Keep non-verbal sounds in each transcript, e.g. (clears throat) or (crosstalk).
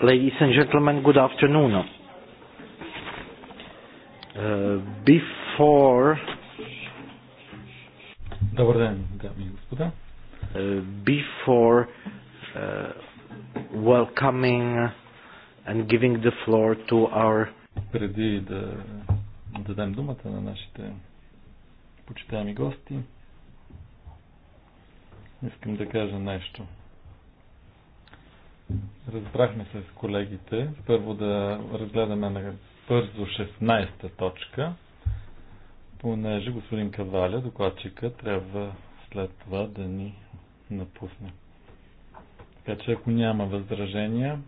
Ladies and gentlemen, good afternoon. Uh, before... Добър ден, дами и господа. Uh, before uh, welcoming and giving the floor to our... Преди да дадем думата на нашите почитаеми гости, искам да кажа нещо. Разбрахме се с колегите. Първо да разгледаме на бързо 16-та точка, понеже господин Каваля, докладчика, трябва след това да ни напусне. Така че ако няма възражения,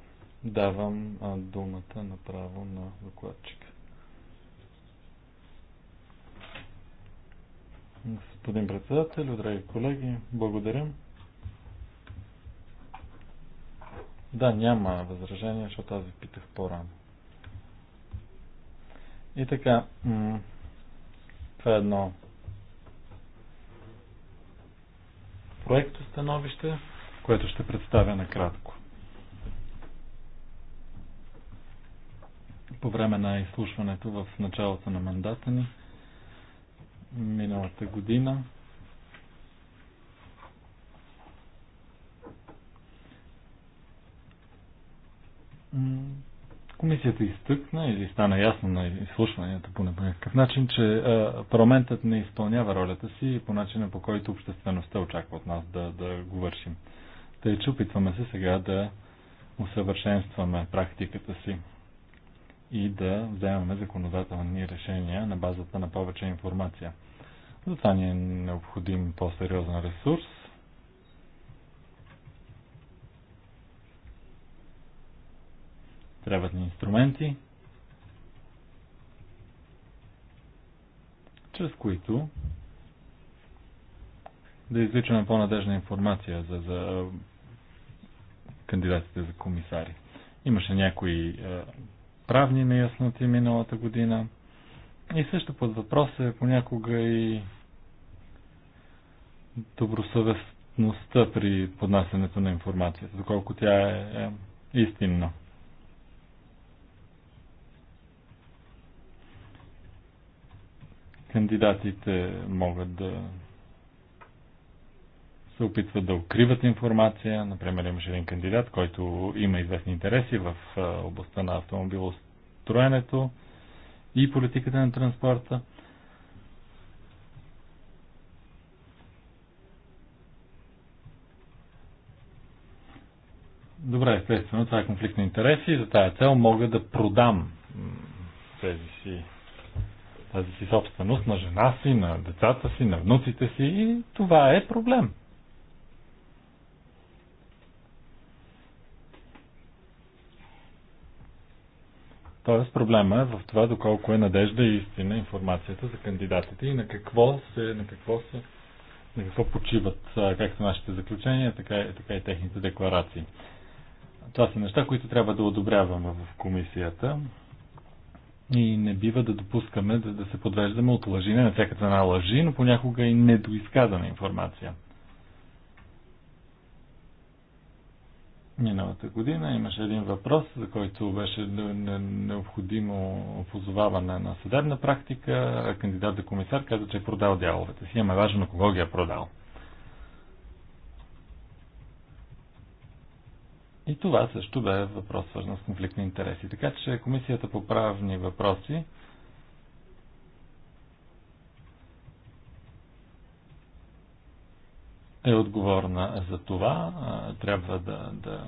давам думата направо на докладчика. Господин председател, драги колеги, благодаря. Да, няма възражение, защото аз ви питах по-рано. И така, това е едно проекто становище, което ще представя накратко. По време на изслушването в началото на мандата ни, миналата година, Комисията изтъкна или стана ясно на изслушванията по някакъв начин, че парламентът не изпълнява ролята си по начина по който обществеността очаква от нас да, да го вършим. Тъй, че опитваме се сега да усъвършенстваме практиката си и да вземаме законодателни решения на базата на повече информация. Затова ни е необходим по-сериозен ресурс, трябват ни инструменти, чрез които да изличаме по-надежна информация за, за кандидатите за комисари. Имаше някои правни неясноти миналата година. И също под въпрос е понякога и добросъвестността при поднасянето на информацията, доколко тя е, е истинна. Кандидатите могат да се опитват да укриват информация. Например, имаше един кандидат, който има известни интереси в областта на автомобилостроенето и политиката на транспорта. Добре, естествено, това е конфликт на интереси и за тая цел мога да продам тези си тази си собственост на жена си, на децата си, на внуците си и това е проблем. Тоест проблема е в това доколко е надежда и истина информацията за кандидатите и на какво се, на какво се, на какво почиват както нашите заключения, така, и, така и техните декларации. Това са неща, които трябва да одобряваме в комисията. И не бива да допускаме да, да се подвеждаме от лъжи, не на всяка цена лъжи, но понякога и недоизказана информация. Миналата година имаше един въпрос, за който беше необходимо опозоваване на съдебна практика. Кандидат за комисар каза, че е продал дяловете си. Ама е важно кого ги е продал. И това също бе въпрос свързан с конфликт на интереси. Така че Комисията по правни въпроси е отговорна за това. Трябва да, да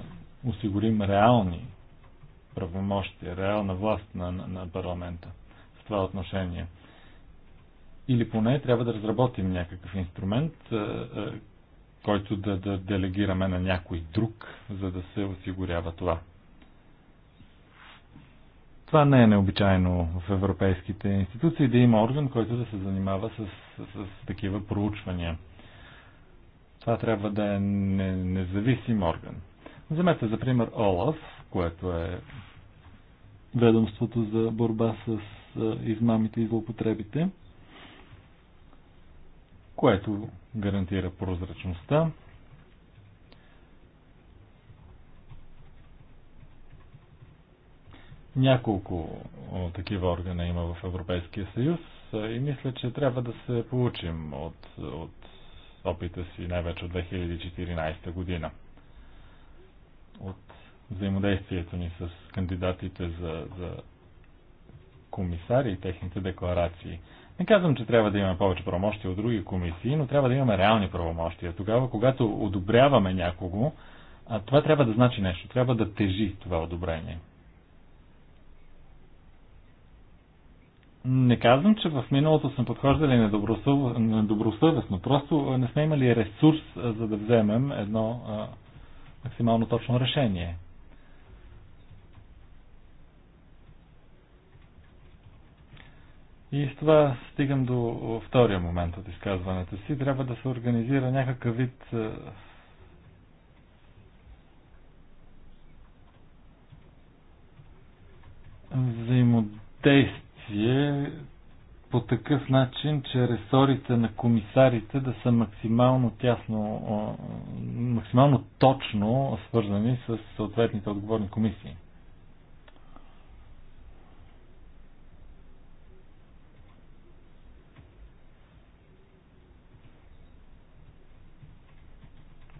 осигурим реални правомощия, реална власт на, на, на парламента в това отношение. Или поне трябва да разработим някакъв инструмент, който да, да делегираме на някой друг, за да се осигурява това. Това не е необичайно в европейските институции да има орган, който да се занимава с, с, с такива проучвания. Това трябва да е не, независим орган. Вземете за пример ОЛАФ, което е ведомството за борба с измамите и злоупотребите, което гарантира прозрачността. Няколко такива органа има в Европейския съюз и мисля, че трябва да се получим от, от опита си, най-вече от 2014 година. От взаимодействието ни с кандидатите за, за комисари и техните декларации – не казвам, че трябва да имаме повече правомощия от други комисии, но трябва да имаме реални правомощия. Тогава, когато одобряваме някого, а това трябва да значи нещо. Трябва да тежи това одобрение. Не казвам, че в миналото сме подхождали недобросъв... недобросъвестно. Просто не сме имали ресурс, за да вземем едно а, максимално точно решение. И с това стигам до втория момент от изказването си. Трябва да се организира някакъв вид е, взаимодействие по такъв начин, че ресорите на комисарите да са максимално тясно, е, максимално точно свързани с съответните отговорни комисии.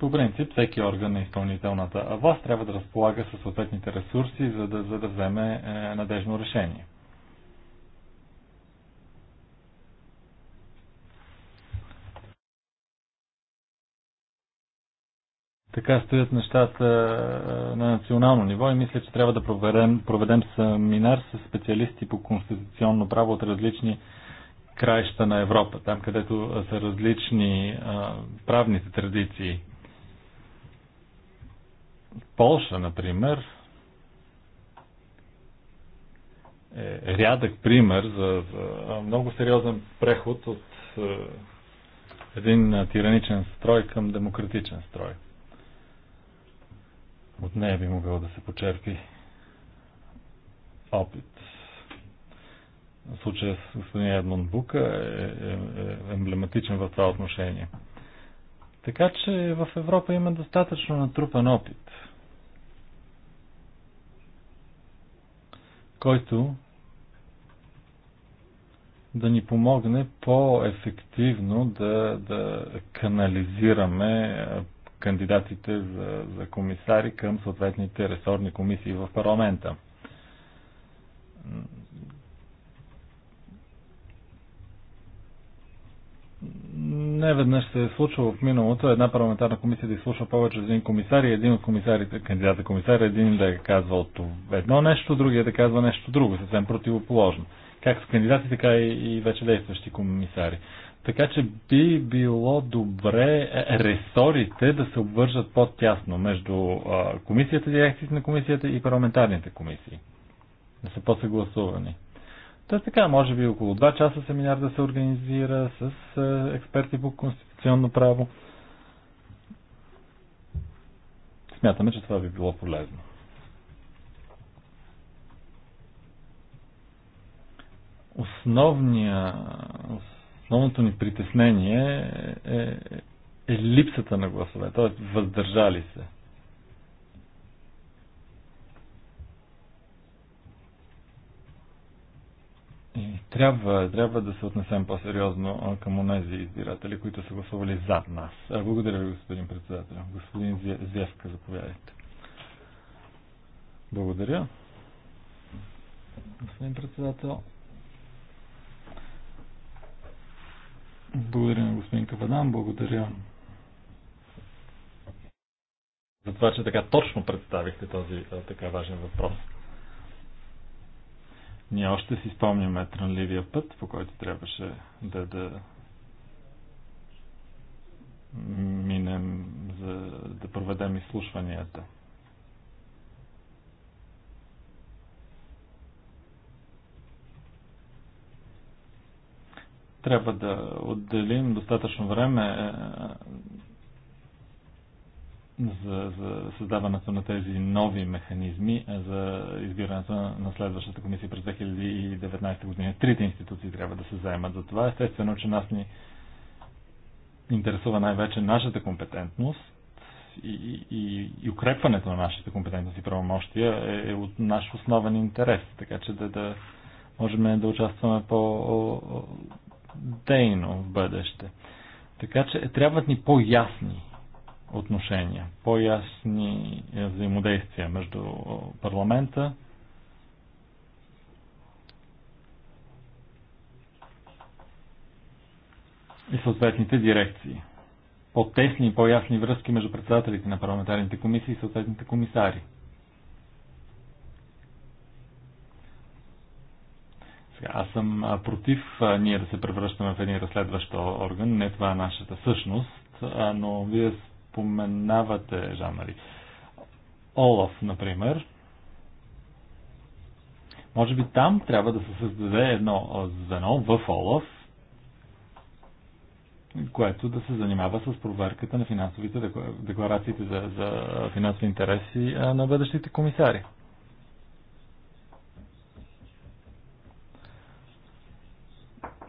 По принцип, всеки орган на изпълнителната власт трябва да разполага със съответните ресурси, за да, за да вземе е, надежно решение. Така стоят нещата е, на национално ниво и мисля, че трябва да проведем, проведем семинар с специалисти по конституционно право от различни краища на Европа, там където са различни а, е, правните традиции Полша, например, е рядък пример за, за много сериозен преход от е, един тираничен строй към демократичен строй. От нея би могъл да се почерпи опит. Случая с господин Едмон Бука е, е, е емблематичен в това отношение. Така че в Европа има достатъчно натрупан опит, който да ни помогне по-ефективно да, да канализираме кандидатите за, за комисари към съответните ресорни комисии в парламента. Не веднъж се е случвало в миналото една парламентарна комисия да изслушва повече от един комисар и един от комисарите, кандидата комисар, един да е казвал едно нещо, другия да казва нещо друго, съвсем противоположно. Как с кандидати, така и, и вече действащи комисари. Така че би било добре е, е, ресорите да се обвържат по-тясно между комисията, дирекциите на комисията и парламентарните комисии. Да са по-съгласувани. Та така, може би около 2 часа семинар да се организира с е, експерти по конституционно право. Смятаме, че това би било полезно. Основния, основното ни притеснение е, е, е липсата на гласове, т.е. въздържали се. И трябва, трябва да се отнесем по-сериозно към онези избиратели, които са гласували зад нас. Благодаря ви, господин председател. Господин Зевка, заповядайте. Благодаря. Господин председател. Благодаря на господин Кападан, благодаря за това, че така точно представихте този така важен въпрос. Ние още си спомняме трънливия път, по който трябваше да, да минем, за да проведем изслушванията. Трябва да отделим достатъчно време за, за създаването на тези нови механизми за избирането на следващата комисия през 2019 година. Трите институции трябва да се заемат за това. Естествено, че нас ни интересува най-вече нашата компетентност и, и, и укрепването на нашите компетентности и правомощия е, е от наш основен интерес, така че да, да можем да участваме по-дейно в бъдеще. Така че е, трябват ни по-ясни отношения, по-ясни е, взаимодействия между е, парламента и съответните дирекции. По-тесни и по-ясни връзки между председателите на парламентарните комисии и съответните комисари. Сега, аз съм против ние да се превръщаме в един разследващ орган. Не това е нашата същност, но вие споменавате жанри. Олаф, например, може би там трябва да се създаде едно звено в Олаф, което да се занимава с проверката на финансовите декларациите за, за финансови интереси на бъдещите комисари.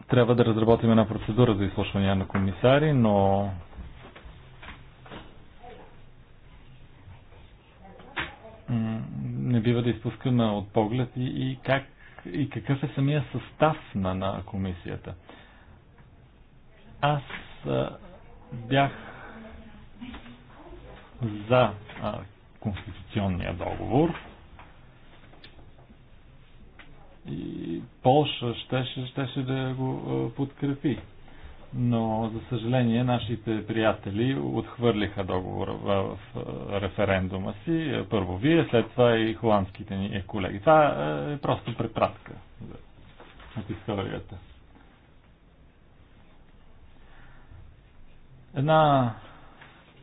Трябва да разработим една процедура за изслушване на комисари, но не бива да изпускаме от поглед и, и, как, и какъв е самия състав на, на комисията. Аз а, бях за а, конституционния договор и Полша щеше, щеше да го а, подкрепи но за съжаление нашите приятели отхвърлиха договора в референдума си. Първо вие, след това и холандските ни колеги. Това е, е просто препратка от историята. Една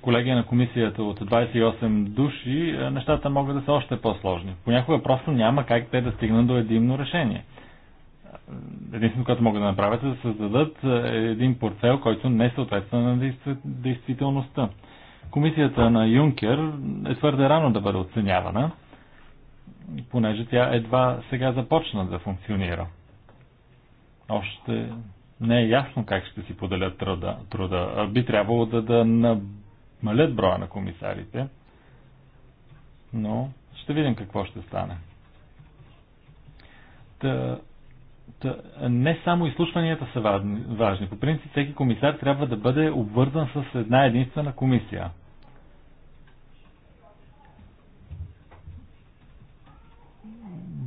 колегия на комисията от 28 души, е, нещата могат да са още по-сложни. Понякога просто няма как те да стигнат до единно решение – единственото, което могат да направят е да създадат е, един портфел, който не съответства на действителността. Комисията на Юнкер е твърде рано да бъде оценявана, понеже тя едва сега започна да функционира. Още не е ясно как ще си поделят труда. труда. Би трябвало да, да намалят броя на комисарите, но ще видим какво ще стане. Та, не само изслушванията са важни. По принцип всеки комисар трябва да бъде обвързан с една единствена комисия.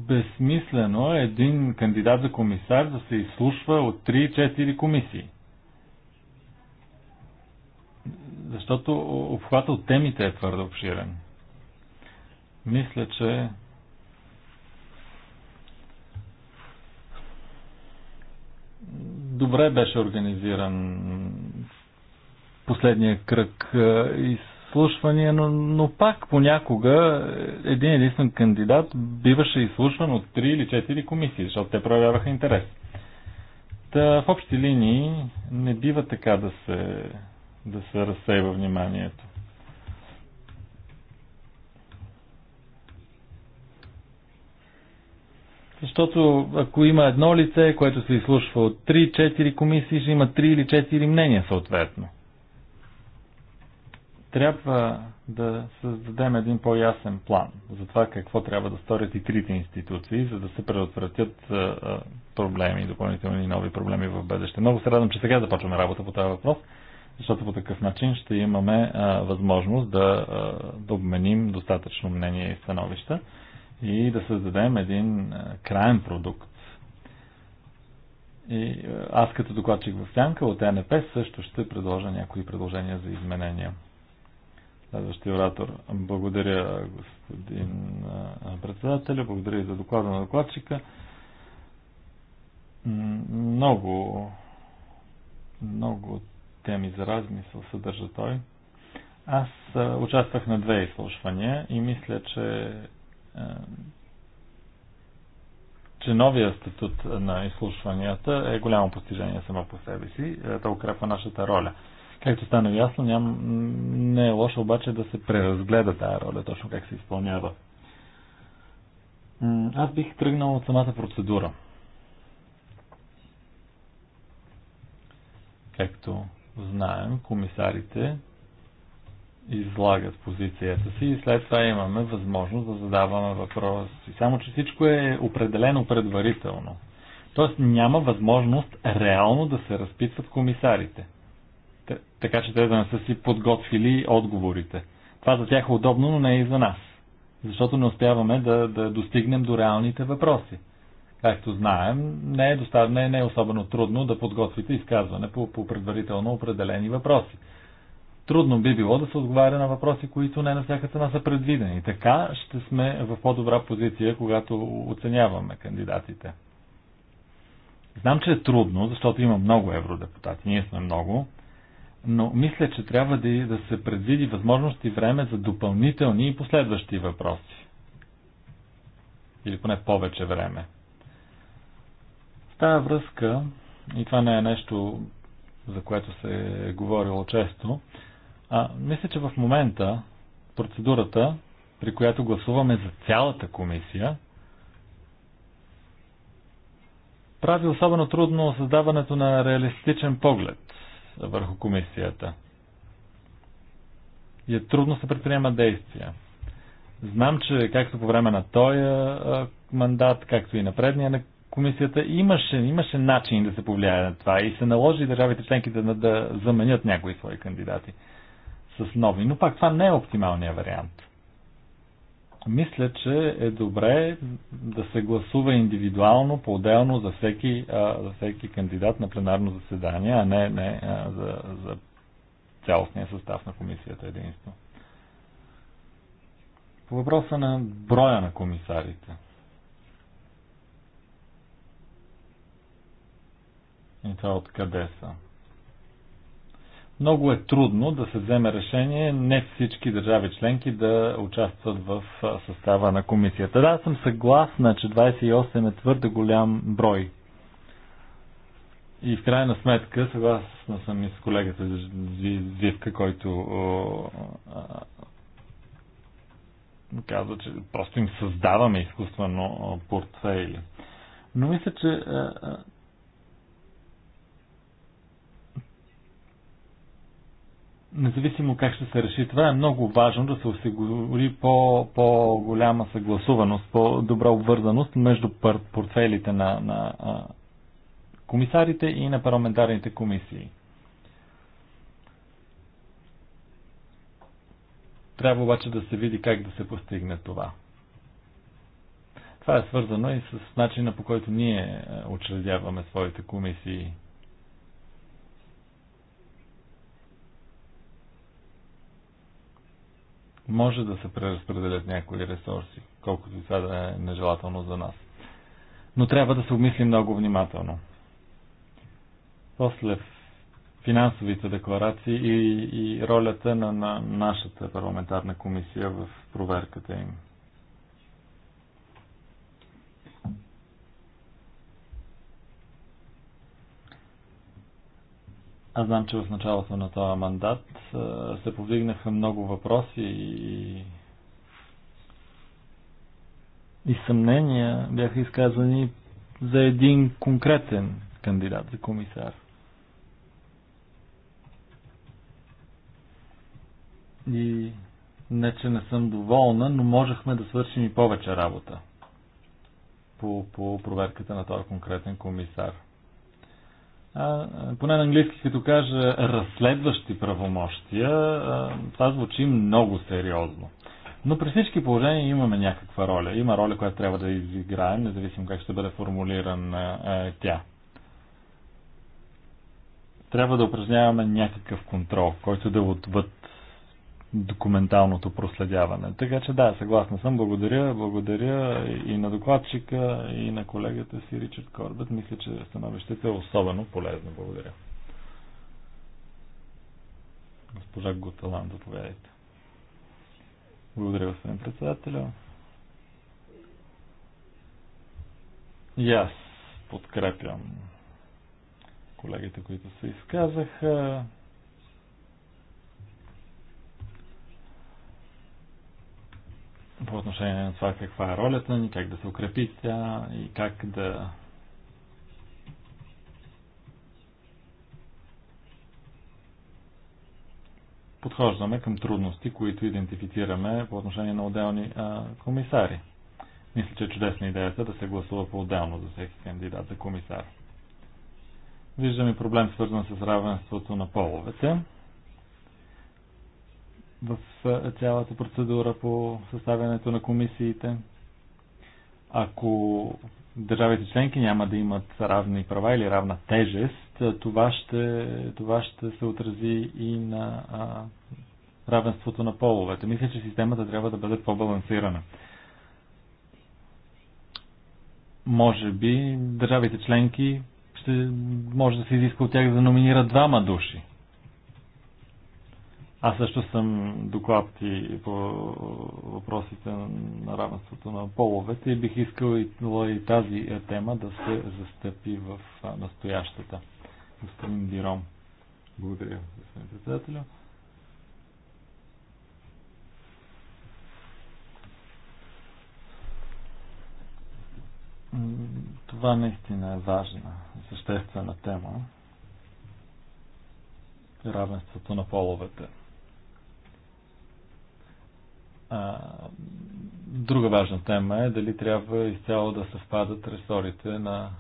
Безсмислено е един кандидат за комисар да се изслушва от 3-4 комисии. Защото обхвата от темите е твърде обширен. Мисля, че добре беше организиран последния кръг е, изслушвания, но, но пак понякога един единствен кандидат биваше изслушван от 3 или 4 комисии, защото те проявяваха интерес. Та, в общи линии не бива така да се, да се разсейва вниманието. Защото ако има едно лице, което се изслушва от 3-4 комисии, ще има 3 или 4 мнения съответно. Трябва да създадем един по-ясен план за това какво трябва да сторят и трите институции, за да се предотвратят проблеми, допълнителни нови проблеми в бъдеще. Много се радвам, че сега започваме работа по този въпрос, защото по такъв начин ще имаме възможност да, да обменим достатъчно мнение и становища и да създадем един е, крайен продукт. И е, аз като докладчик в Сянка от НП също ще предложа някои предложения за изменения. Следващия оратор. Благодаря, господин е, председател, Благодаря и за доклада на докладчика. Много, много теми за размисъл съдържа той. Аз участвах на две изслушвания и мисля, че че новия статут на изслушванията е голямо постижение само по себе си. Е, то укрепва нашата роля. Както стана ясно, ням, не е лошо обаче да се преразгледа тази роля, точно как се изпълнява. Аз бих тръгнал от самата процедура. Както знаем, комисарите излагат позицията си и след това имаме възможност да задаваме въпроси. Само, че всичко е определено предварително. Тоест няма възможност реално да се разпитват комисарите. Така че те да не са си подготвили отговорите. Това за тях е удобно, но не е и за нас. Защото не успяваме да, да достигнем до реалните въпроси. Както знаем, не е, достав... не, е, не е особено трудно да подготвите изказване по, по предварително определени въпроси. Трудно би било да се отговаря на въпроси, които не на всяка цена са предвидени. Така ще сме в по-добра позиция, когато оценяваме кандидатите. Знам, че е трудно, защото има много евродепутати. Ние сме много. Но мисля, че трябва да, да се предвиди възможност и време за допълнителни и последващи въпроси. Или поне повече време. В тази връзка, и това не е нещо, за което се е говорило често, а, мисля, че в момента процедурата, при която гласуваме за цялата комисия, прави особено трудно създаването на реалистичен поглед върху комисията. И е трудно се предприема действия. Знам, че както по време на този мандат, както и на предния на комисията, имаше, имаше начин да се повлияе на това и се наложи държавите членки да, да заменят някои свои кандидати с нови. Но пак това не е оптималният вариант. Мисля, че е добре да се гласува индивидуално, по-отделно за всеки, за всеки кандидат на пленарно заседание, а не, не за, за цялостния състав на комисията единство. По въпроса на броя на комисарите. И това откъде са? много е трудно да се вземе решение не всички държави членки да участват в състава на комисията. Да, съм съгласна, че 28 е твърде голям брой. И в крайна сметка, съгласна съм и с колегата Зивка, който казва, че просто им създаваме изкуствено портфейли. Но мисля, че е, е, Независимо как ще се реши това, е много важно да се осигури по, по-голяма съгласуваност, по-добра обвързаност между портфелите на, на комисарите и на парламентарните комисии. Трябва обаче да се види как да се постигне това. Това е свързано и с начина по който ние учредяваме своите комисии. може да се преразпределят някои ресурси, колкото и това да е нежелателно за нас. Но трябва да се обмисли много внимателно. После финансовите декларации и, и ролята на, на нашата парламентарна комисия в проверката им. Аз знам, че в началото на този мандат се повдигнаха много въпроси и, и съмнения бяха изказани за един конкретен кандидат за комисар. И не, че не съм доволна, но можехме да свършим и повече работа по, по проверката на този конкретен комисар а, поне на английски, като кажа разследващи правомощия, а, това звучи много сериозно. Но при всички положения имаме някаква роля. Има роля, която трябва да изиграем, независимо как ще бъде формулирана а, тя. Трябва да упражняваме някакъв контрол, който да е отвъд документалното проследяване. Така че да, съгласна съм. Благодаря, благодаря и на докладчика, и на колегата си Ричард Корбет. Мисля, че становището е особено полезно. Благодаря. Госпожа Готалан, заповядайте. Благодаря, господин председателя. И аз подкрепям колегите, които се изказаха. по отношение на това каква е ролята ни, как да се укрепи тя и как да подхождаме към трудности, които идентифицираме по отношение на отделни а, комисари. Мисля, че е чудесна идеята е да се гласува по-отделно за всеки кандидат за комисар. Виждаме проблем свързан с равенството на половете в цялата процедура по съставянето на комисиите. Ако държавите членки няма да имат равни права или равна тежест, това ще, това ще се отрази и на а, равенството на половете. Мисля, че системата трябва да бъде по-балансирана. Може би държавите членки ще може да се изиска от тях да номинират двама души аз също съм доклад и по въпросите на равенството на половете и бих искал и тази тема да се застъпи в настоящата. Господин Диром. Благодаря, господин председателю. Това наистина е важна, съществена тема. Равенството на половете друга важна тема е дали трябва изцяло да съвпадат ресорите на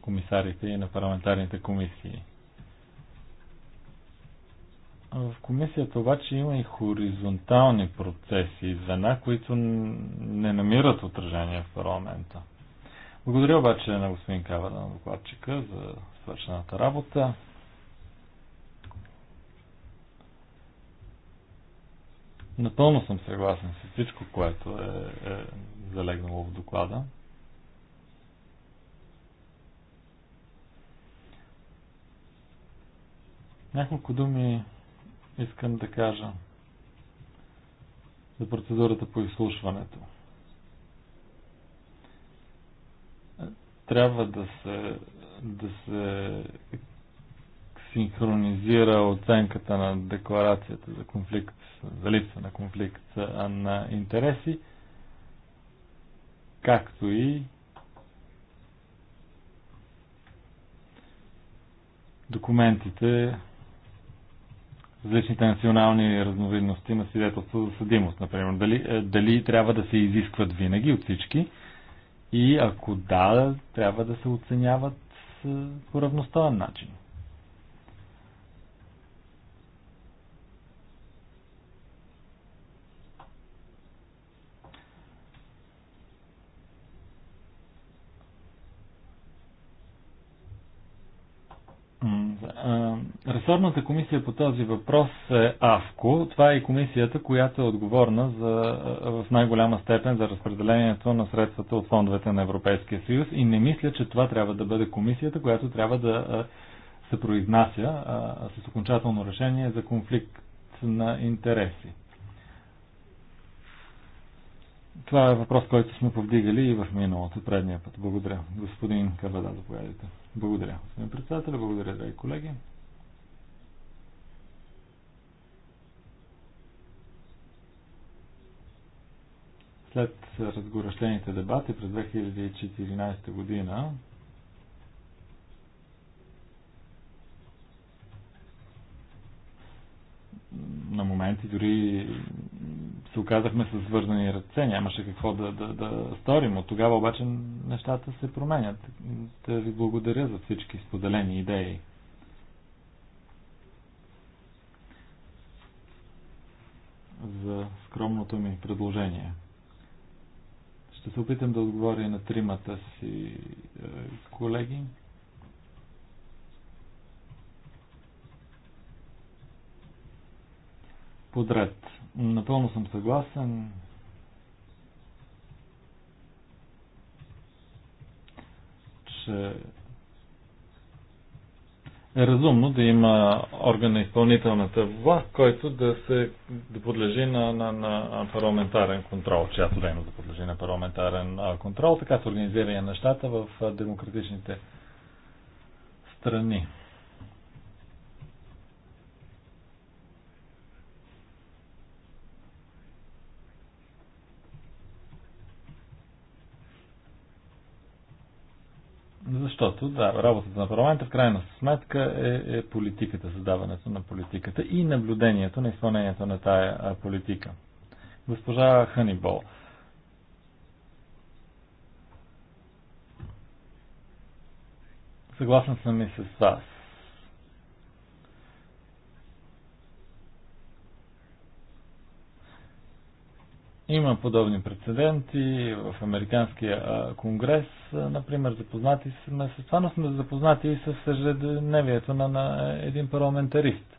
комисарите и на парламентарните комисии. В комисията обаче има и хоризонтални процеси и звена, които не намират отражение в парламента. Благодаря обаче на господин Кавада на докладчика за свършената работа. Напълно съм съгласен с всичко, което е, е залегнало в доклада. Няколко думи искам да кажа за процедурата по изслушването. Трябва да се, да се синхронизира оценката на декларацията за конфликт, за липса на конфликт на интереси, както и документите различните национални разновидности на свидетелство за съдимост, например. Дали, е, дали трябва да се изискват винаги от всички и ако да, трябва да се оценяват е, по равностоен начин. Ресорната комисия по този въпрос е АВКО. Това е комисията, която е отговорна за, е, в най-голяма степен за разпределението на средствата от фондовете на Европейския съюз и не мисля, че това трябва да бъде комисията, която трябва да е, се произнася а, с окончателно решение за конфликт на интереси. Това е въпрос, който сме повдигали и в миналото, предния път. Благодаря. Господин Карвада, заповядайте. Благодаря. Господин председател, благодаря, драги колеги. След разгорещените дебати през 2014 година на моменти дори се оказахме с вързани ръце, нямаше какво да, да, да сторим. От тогава обаче нещата се променят. Те ви благодаря за всички споделени идеи. За скромното ми предложение. Ще се опитам да отговоря на тримата си е, колеги. Подред. Напълно съм съгласен. че е разумно да има орган на изпълнителната власт, който да се да подлежи на, на, на парламентарен контрол, чиято дейност да подлежи на парламентарен контрол. Така се организира нещата в демократичните страни. Защото, да, работата на парламента в крайна сметка е, е политиката, създаването на политиката и наблюдението на изпълнението на тая политика. Госпожа Ханибол. Съгласен съм и с вас. Има подобни прецеденти в Американския конгрес, например, запознати сме с това, но сме запознати и с ежедневието на, на един парламентарист.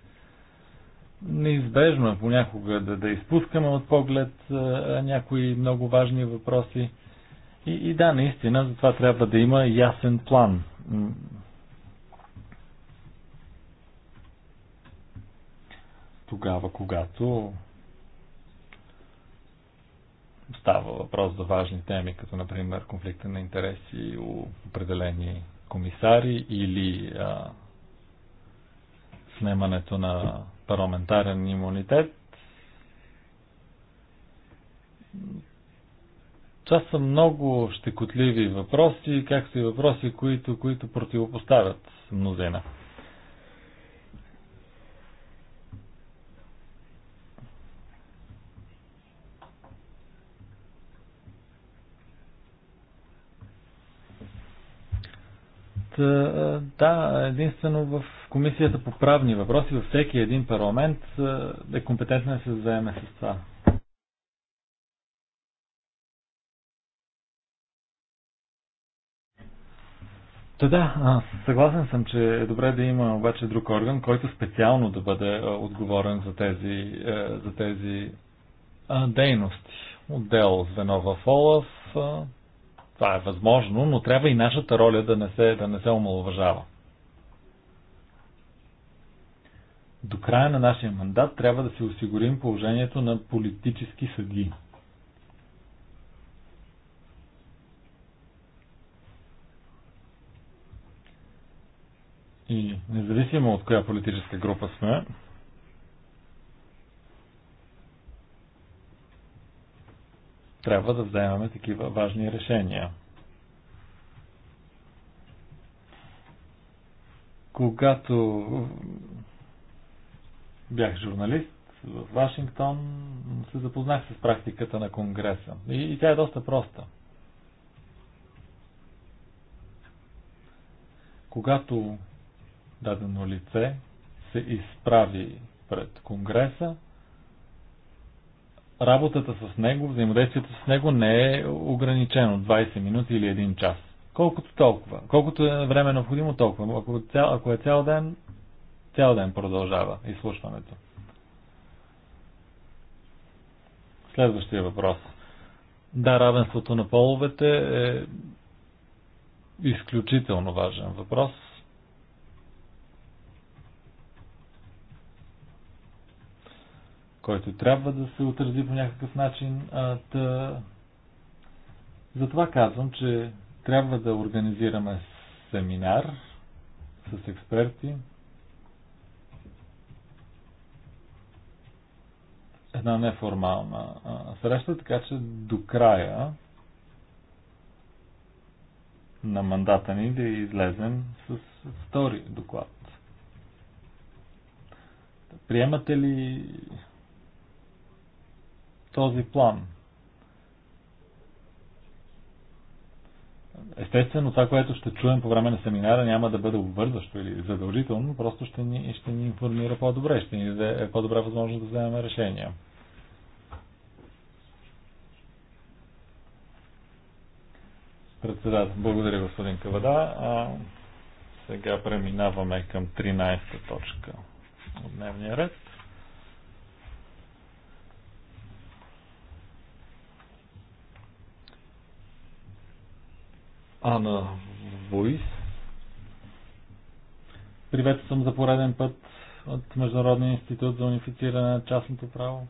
Неизбежно е понякога да, да изпускаме от поглед а, някои много важни въпроси. И, и да, наистина, за това трябва да има ясен план. Тогава, когато става въпрос за важни теми, като например конфликта на интереси у определени комисари или а, снимането на парламентарен имунитет. Това са много щекотливи въпроси, както и въпроси, които, които противопоставят мнозина. да, единствено в Комисията по правни въпроси във всеки един парламент е компетентно да се заеме с това. Та да, съгласен съм, че е добре да има обаче друг орган, който специално да бъде отговорен за тези, е, за тези дейности. Отдел звено в ОЛАФ, това е възможно, но трябва и нашата роля да не се, да не се омалуважава. До края на нашия мандат трябва да си осигурим положението на политически съди. И независимо от коя политическа група сме, трябва да вземаме такива важни решения. Когато бях журналист в Вашингтон, се запознах с практиката на Конгреса. И, и тя е доста проста. Когато дадено лице се изправи пред Конгреса, работата с него, взаимодействието с него не е ограничено 20 минути или 1 час. Колкото толкова. Колкото е време е необходимо, толкова. Ако, е цял, ако е цял ден, цял ден продължава изслушването. Следващия въпрос. Да, равенството на половете е изключително важен въпрос – който трябва да се отрази по някакъв начин. А, та... Затова казвам, че трябва да организираме семинар с експерти. Една неформална а, среща, така че до края на мандата ни да излезем с втори доклад. Приемате ли този план. Естествено, това, което ще чуем по време на семинара, няма да бъде обвързващо или задължително, просто ще ни, ще ни информира по-добре, ще ни даде по-добра възможност да вземем решения. Председател, благодаря господин Кавада. А, сега преминаваме към 13 точка от дневния ред. Ана Войс. Приветствам за пореден път от Международния институт за унифициране на частното право.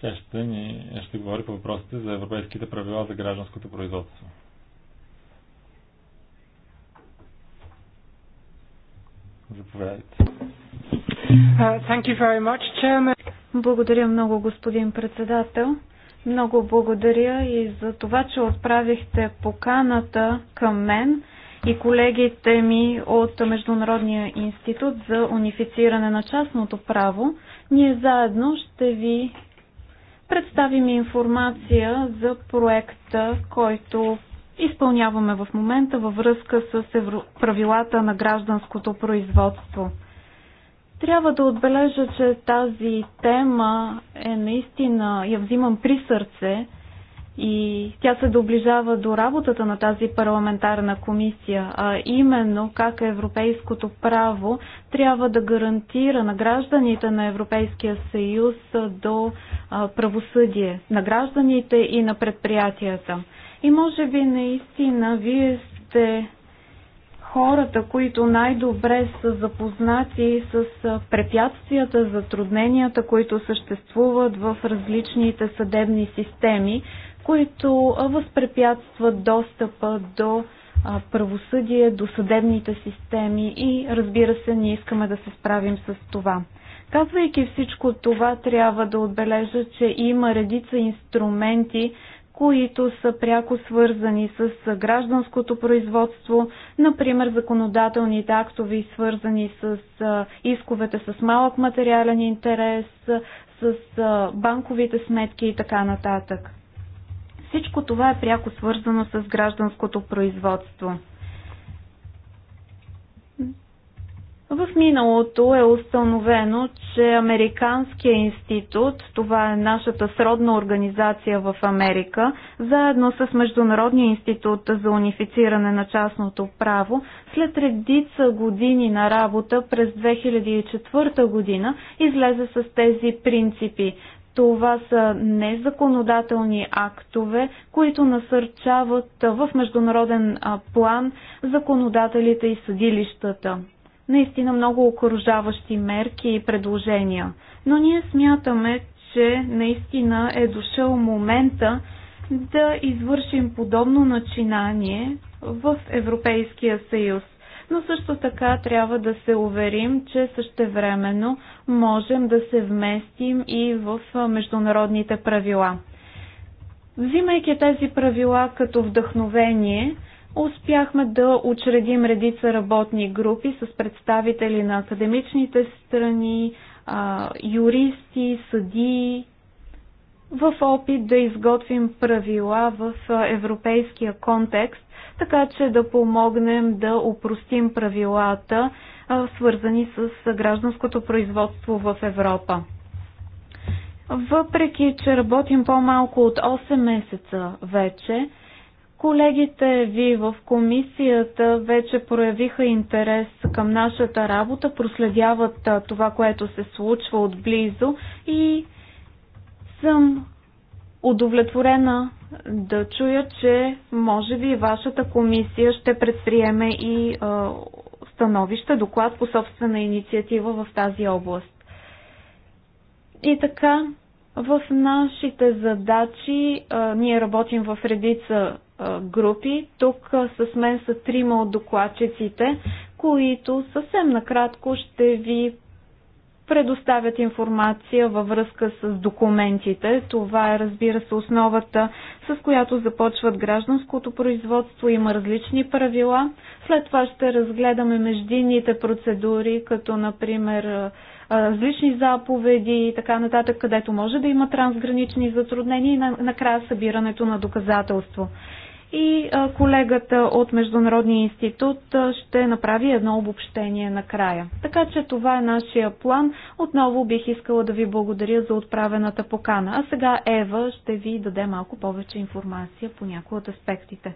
Тя ще, ни, ще говори по въпросите за европейските правила за гражданското производство. Заповядайте. Uh, Благодаря много, господин председател. Много благодаря и за това, че отправихте поканата към мен и колегите ми от Международния институт за унифициране на частното право. Ние заедно ще ви представим информация за проекта, който изпълняваме в момента във връзка с правилата на гражданското производство. Трябва да отбележа, че тази тема е наистина, я взимам при сърце и тя се доближава до работата на тази парламентарна комисия, а именно как европейското право трябва да гарантира на гражданите на Европейския съюз до правосъдие, на гражданите и на предприятията. И може би наистина вие сте хората, които най-добре са запознати с препятствията, затрудненията, които съществуват в различните съдебни системи, които възпрепятстват достъпа до правосъдие, до съдебните системи и разбира се, ние искаме да се справим с това. Казвайки всичко това, трябва да отбележа, че има редица инструменти които са пряко свързани с гражданското производство, например законодателните актови, свързани с исковете с малък материален интерес, с банковите сметки и така нататък. Всичко това е пряко свързано с гражданското производство. В миналото е установено, че Американския институт, това е нашата сродна организация в Америка, заедно с Международния институт за унифициране на частното право, след редица години на работа през 2004 година излезе с тези принципи. Това са незаконодателни актове, които насърчават в международен план законодателите и съдилищата наистина много окоръжаващи мерки и предложения. Но ние смятаме, че наистина е дошъл момента да извършим подобно начинание в Европейския съюз. Но също така трябва да се уверим, че същевременно можем да се вместим и в международните правила. Взимайки тези правила като вдъхновение, успяхме да учредим редица работни групи с представители на академичните страни, юристи, съдии, в опит да изготвим правила в европейския контекст, така че да помогнем да упростим правилата, свързани с гражданското производство в Европа. Въпреки, че работим по-малко от 8 месеца вече, Колегите ви в комисията вече проявиха интерес към нашата работа, проследяват това, което се случва отблизо и съм удовлетворена да чуя, че може би вашата комисия ще предприеме и становище, доклад по собствена инициатива в тази област. И така, в нашите задачи ние работим в редица групи. Тук с мен са трима от докладчиците, които съвсем накратко ще ви предоставят информация във връзка с документите. Това е, разбира се, основата, с която започват гражданското производство. Има различни правила. След това ще разгледаме междинните процедури, като, например, различни заповеди и така нататък, където може да има трансгранични затруднения и накрая събирането на доказателство и колегата от Международния институт ще направи едно обобщение накрая. Така че това е нашия план. Отново бих искала да ви благодаря за отправената покана. А сега Ева ще ви даде малко повече информация по някои от аспектите.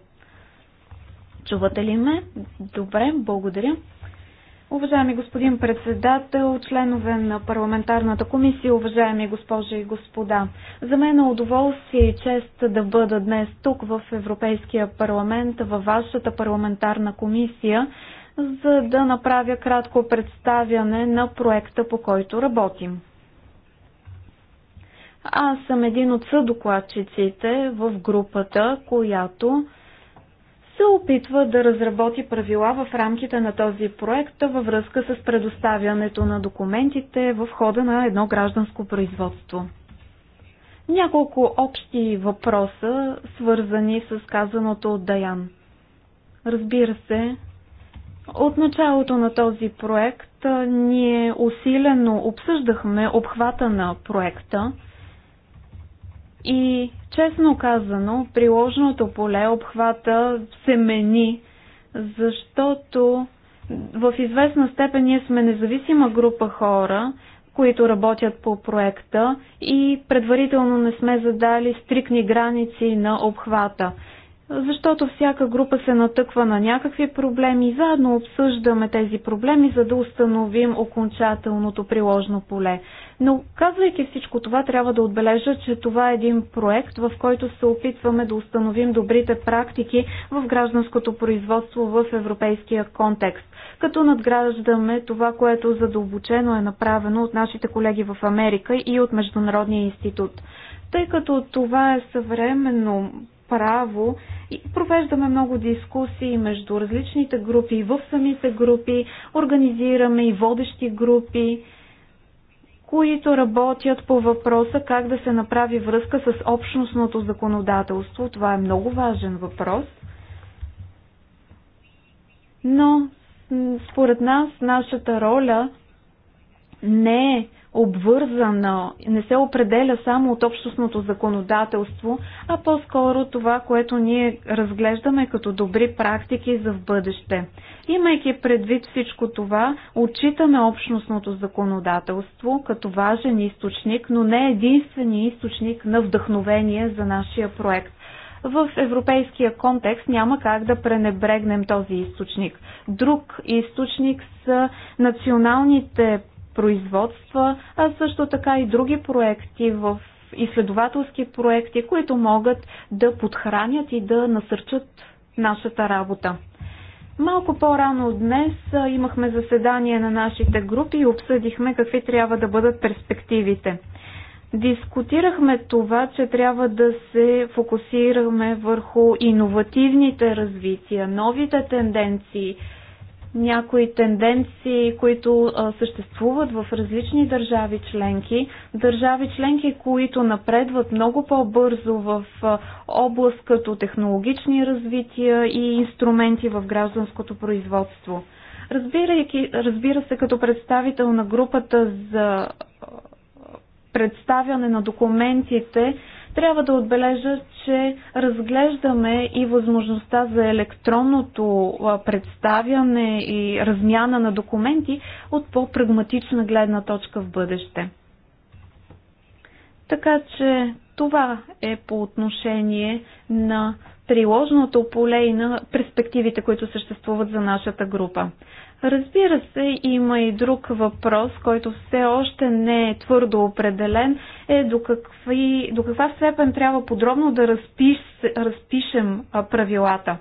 Чувате ли ме? Добре, благодаря. Уважаеми господин председател, членове на парламентарната комисия, уважаеми госпожи и господа. За мен е удоволствие и чест да бъда днес тук в Европейския парламент, във вашата парламентарна комисия, за да направя кратко представяне на проекта, по който работим. Аз съм един от съдокладчиците в групата, която се опитва да разработи правила в рамките на този проект във връзка с предоставянето на документите в хода на едно гражданско производство. Няколко общи въпроса, свързани с казаното от Даян. Разбира се, от началото на този проект ние усилено обсъждахме обхвата на проекта – и честно казано, приложеното поле обхвата се мени, защото в известна степен ние сме независима група хора, които работят по проекта и предварително не сме задали стрикни граници на обхвата защото всяка група се натъква на някакви проблеми, заедно обсъждаме тези проблеми, за да установим окончателното приложно поле. Но казвайки всичко това, трябва да отбележа, че това е един проект, в който се опитваме да установим добрите практики в гражданското производство в европейския контекст, като надграждаме това, което задълбочено е направено от нашите колеги в Америка и от Международния институт тъй като това е съвременно право и провеждаме много дискусии между различните групи, в самите групи, организираме и водещи групи, които работят по въпроса как да се направи връзка с общностното законодателство. Това е много важен въпрос. Но според нас нашата роля не е обвързано, не се определя само от общностното законодателство, а по-скоро това, което ние разглеждаме като добри практики за в бъдеще. Имайки предвид всичко това, отчитаме общностното законодателство като важен източник, но не единствения източник на вдъхновение за нашия проект в европейския контекст няма как да пренебрегнем този източник. Друг източник са националните производства, а също така и други проекти в изследователски проекти, които могат да подхранят и да насърчат нашата работа. Малко по-рано днес имахме заседание на нашите групи и обсъдихме какви трябва да бъдат перспективите. Дискутирахме това, че трябва да се фокусираме върху иновативните развития, новите тенденции, някои тенденции, които а, съществуват в различни държави членки. Държави членки, които напредват много по-бързо в а, област като технологични развития и инструменти в гражданското производство. Разбирайки, разбира се, като представител на групата за представяне на документите, трябва да отбележа, че разглеждаме и възможността за електронното представяне и размяна на документи от по-прагматична гледна точка в бъдеще. Така че това е по отношение на приложното поле и на перспективите, които съществуват за нашата група. Разбира се, има и друг въпрос, който все още не е твърдо определен, е до, какви, до каква степен трябва подробно да разпиш, разпишем правилата.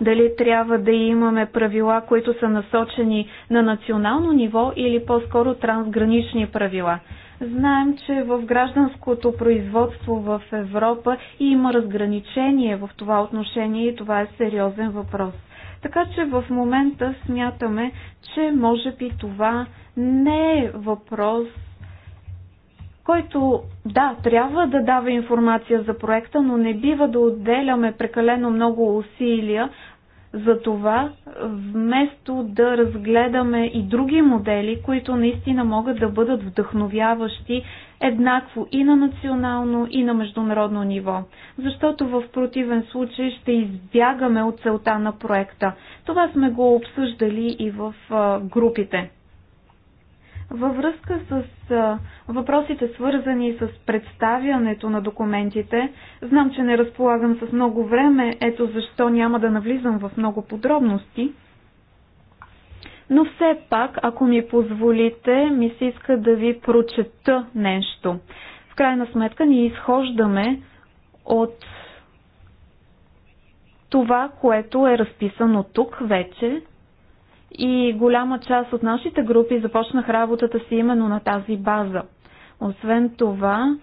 Дали трябва да имаме правила, които са насочени на национално ниво или по-скоро трансгранични правила. Знаем, че в гражданското производство в Европа има разграничение в това отношение и това е сериозен въпрос. Така че в момента смятаме, че може би това не е въпрос, който да, трябва да дава информация за проекта, но не бива да отделяме прекалено много усилия затова, вместо да разгледаме и други модели, които наистина могат да бъдат вдъхновяващи еднакво и на национално, и на международно ниво. Защото в противен случай ще избягаме от целта на проекта. Това сме го обсъждали и в групите. Във връзка с въпросите свързани с представянето на документите, знам, че не разполагам с много време, ето защо няма да навлизам в много подробности. Но все пак, ако ми позволите, ми се иска да ви прочета нещо. В крайна сметка ние изхождаме от това, което е разписано тук вече и голяма част от нашите групи започнах работата си именно на тази база. Освен това,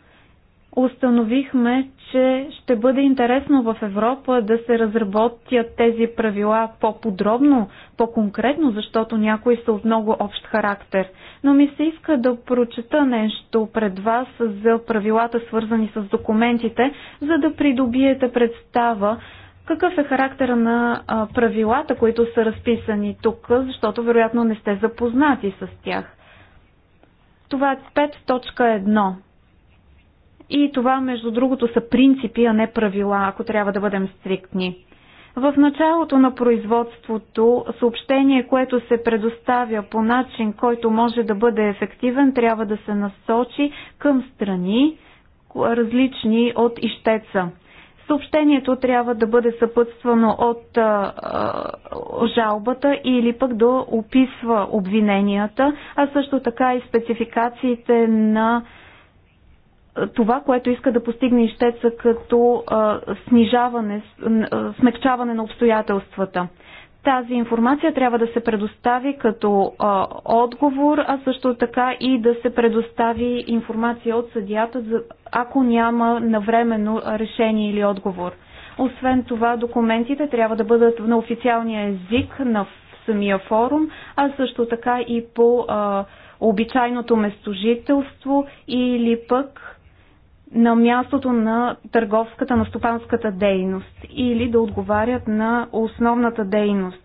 установихме, че ще бъде интересно в Европа да се разработят тези правила по-подробно, по-конкретно, защото някои са от много общ характер. Но ми се иска да прочета нещо пред вас за правилата, свързани с документите, за да придобиете представа какъв е характера на правилата, които са разписани тук, защото вероятно не сте запознати с тях? Това е 5.1. И това, между другото, са принципи, а не правила, ако трябва да бъдем стриктни. В началото на производството съобщение, което се предоставя по начин, който може да бъде ефективен, трябва да се насочи към страни, различни от ищеца съобщението трябва да бъде съпътствано от а, а, жалбата или пък да описва обвиненията, а също така и спецификациите на това, което иска да постигне ищеца като а, снижаване, смягчаване на обстоятелствата. Тази информация трябва да се предостави като а, отговор, а също така и да се предостави информация от съдията, ако няма навременно решение или отговор. Освен това, документите трябва да бъдат на официалния език на самия форум, а също така и по а, обичайното местожителство или пък на мястото на търговската, на стопанската дейност или да отговарят на основната дейност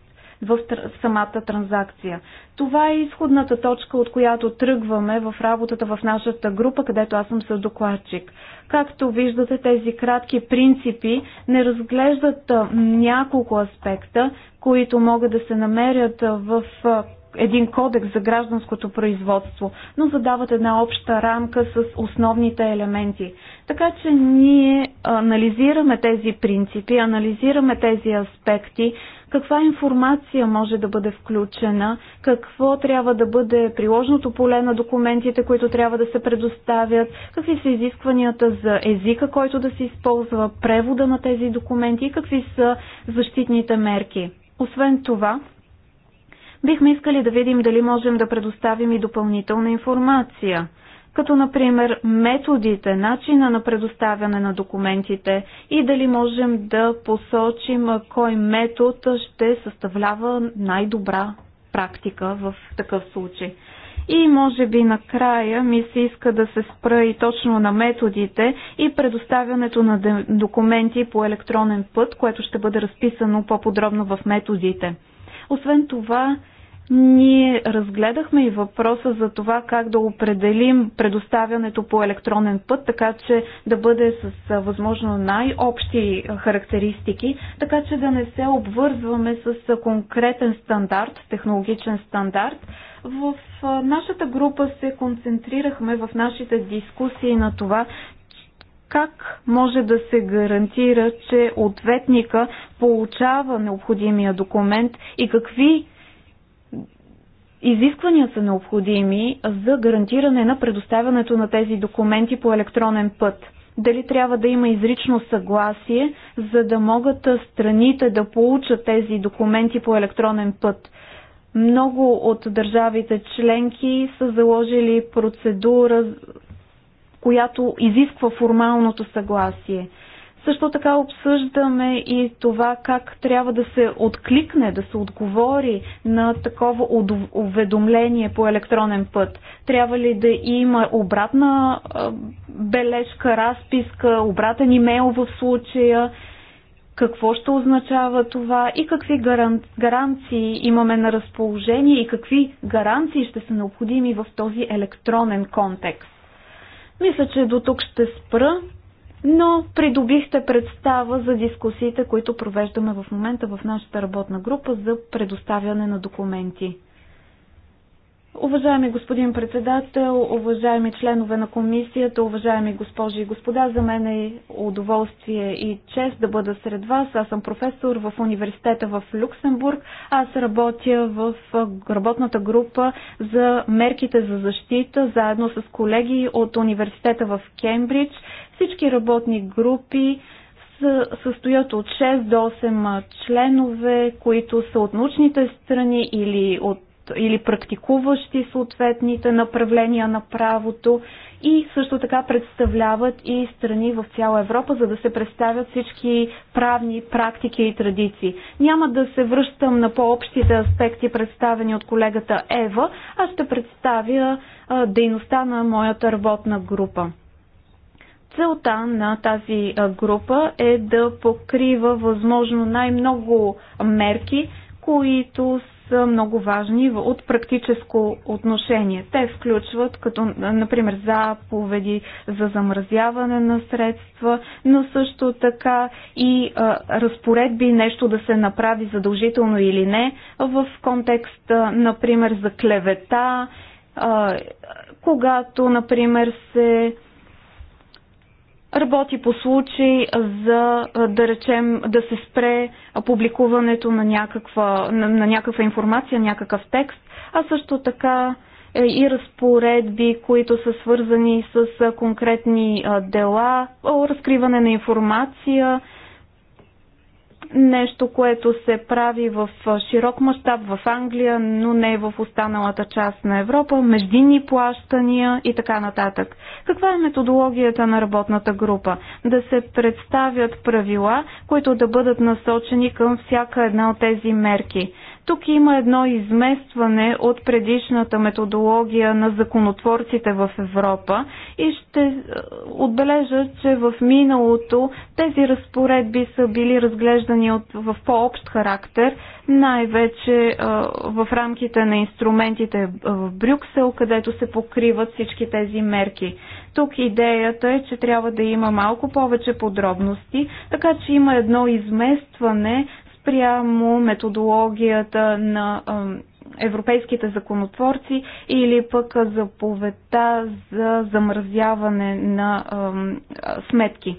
в самата транзакция. Това е изходната точка, от която тръгваме в работата в нашата група, където аз съм докладчик. Както виждате, тези кратки принципи не разглеждат няколко аспекта, които могат да се намерят в един кодекс за гражданското производство, но задават една обща рамка с основните елементи. Така че ние анализираме тези принципи, анализираме тези аспекти, каква информация може да бъде включена, какво трябва да бъде приложното поле на документите, които трябва да се предоставят, какви са изискванията за езика, който да се използва, превода на тези документи и какви са защитните мерки. Освен това, Бихме искали да видим дали можем да предоставим и допълнителна информация, като например методите, начина на предоставяне на документите и дали можем да посочим кой метод ще съставлява най-добра практика в такъв случай. И може би накрая ми се иска да се спра и точно на методите и предоставянето на документи по електронен път, което ще бъде разписано по-подробно в методите. Освен това, ние разгледахме и въпроса за това как да определим предоставянето по електронен път, така че да бъде с възможно най-общи характеристики, така че да не се обвързваме с конкретен стандарт, технологичен стандарт. В нашата група се концентрирахме в нашите дискусии на това, как може да се гарантира, че ответника получава необходимия документ и какви изисквания са необходими за гарантиране на предоставянето на тези документи по електронен път? Дали трябва да има изрично съгласие, за да могат страните да получат тези документи по електронен път? Много от държавите членки са заложили процедура, която изисква формалното съгласие. Също така обсъждаме и това как трябва да се откликне, да се отговори на такова уведомление по електронен път. Трябва ли да има обратна бележка, разписка, обратен имейл в случая? Какво ще означава това и какви гаранции имаме на разположение и какви гаранции ще са необходими в този електронен контекст? Мисля, че до тук ще спра но придобихте представа за дискусиите, които провеждаме в момента в нашата работна група за предоставяне на документи. Уважаеми господин председател, уважаеми членове на комисията, уважаеми госпожи и господа, за мен е удоволствие и чест да бъда сред вас. Аз съм професор в университета в Люксембург. Аз работя в работната група за мерките за защита, заедно с колеги от университета в Кембридж. Всички работни групи състоят от 6 до 8 членове, които са от научните страни или от или практикуващи съответните направления на правото и също така представляват и страни в цяла Европа, за да се представят всички правни практики и традиции. Няма да се връщам на по-общите аспекти, представени от колегата Ева, а ще представя а, дейността на моята работна група. Целта на тази група е да покрива възможно най-много мерки, които са много важни от практическо отношение. Те включват, като, например, заповеди за замразяване на средства, но също така и а, разпоредби нещо да се направи задължително или не в контекст, а, например, за клевета, а, когато, например, се а, Работи по случай за, да речем, да се спре публикуването на някаква, на, на някаква информация, някакъв текст, а също така е, и разпоредби, които са свързани с конкретни дела, разкриване на информация, нещо, което се прави в широк мащаб в Англия, но не в останалата част на Европа, междинни плащания и така нататък. Каква е методологията на работната група? Да се представят правила, които да бъдат насочени към всяка една от тези мерки. Тук има едно изместване от предишната методология на законотворците в Европа и ще е, отбележа, че в миналото тези разпоредби са били разглеждани от, в по-общ характер, най-вече е, в рамките на инструментите в Брюксел, където се покриват всички тези мерки. Тук идеята е, че трябва да има малко повече подробности, така че има едно изместване спрямо методологията на европейските законотворци или пък заповедта за замразяване на сметки.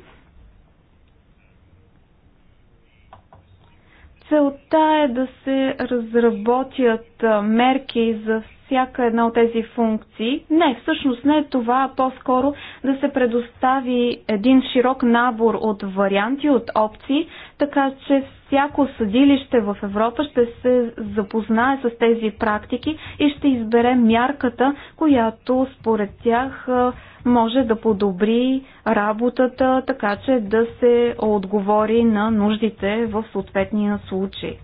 Целта е да се разработят мерки за всяка една от тези функции. Не, всъщност не е това, а по-скоро да се предостави един широк набор от варианти, от опции, така че всяко съдилище в Европа ще се запознае с тези практики и ще избере мярката, която според тях може да подобри работата, така че да се отговори на нуждите в съответния случай.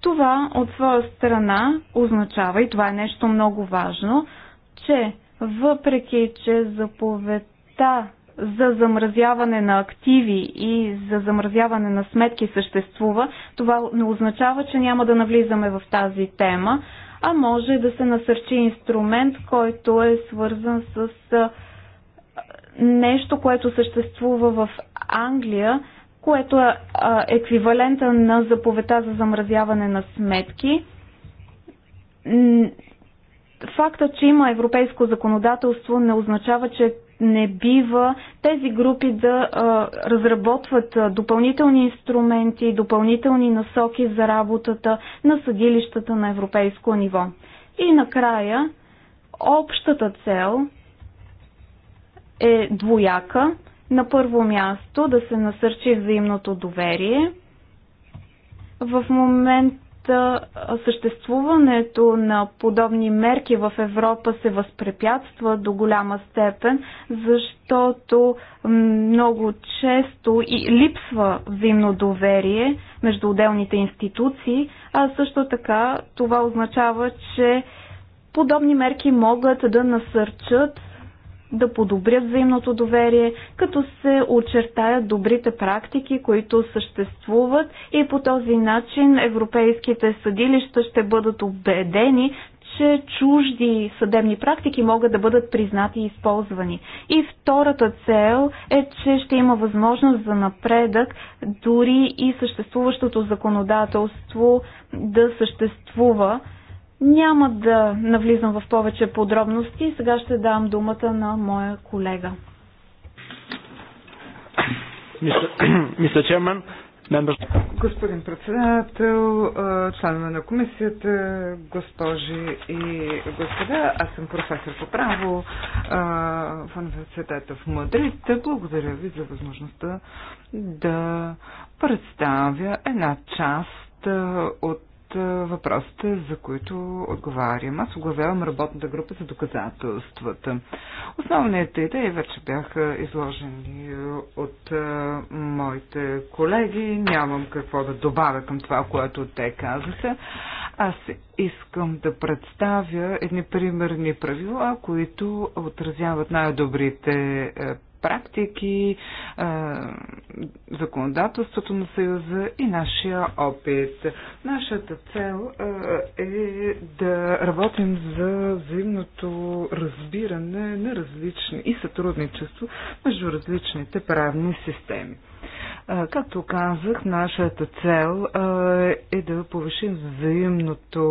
Това от своя страна означава, и това е нещо много важно, че въпреки, че заповедта за замразяване на активи и за замразяване на сметки съществува, това не означава, че няма да навлизаме в тази тема, а може да се насърчи инструмент, който е свързан с нещо, което съществува в Англия, което е еквивалента на заповедта за замразяване на сметки факта, че има европейско законодателство не означава, че не бива тези групи да а, разработват допълнителни инструменти, допълнителни насоки за работата на съдилищата на европейско ниво. И накрая, общата цел е двояка. На първо място да се насърчи взаимното доверие. В момент съществуването на подобни мерки в Европа се възпрепятства до голяма степен, защото много често и липсва взаимно доверие между отделните институции, а също така това означава, че подобни мерки могат да насърчат да подобрят взаимното доверие, като се очертаят добрите практики, които съществуват и по този начин европейските съдилища ще бъдат убедени, че чужди съдебни практики могат да бъдат признати и използвани. И втората цел е, че ще има възможност за напредък, дори и съществуващото законодателство да съществува няма да навлизам в повече подробности. Сега ще дам думата на моя колега. Мисля, (clears throat) Черман, Господин председател, членове на комисията, госпожи и господа, аз съм професор по право в университета в Мадрид. Благодаря ви за възможността да представя една част от е, въпросите, за които отговарям. Аз оглавявам работната група за доказателствата. Основните идеи вече бяха изложени от е, моите колеги. Нямам какво да добавя към това, което те казаха. Аз искам да представя едни примерни правила, които отразяват най-добрите е, практики, законодателството на Съюза и нашия опит. Нашата цел е да работим за взаимното разбиране на различни и сътрудничество между различните правни системи. Както казах, нашата цел е да повишим взаимното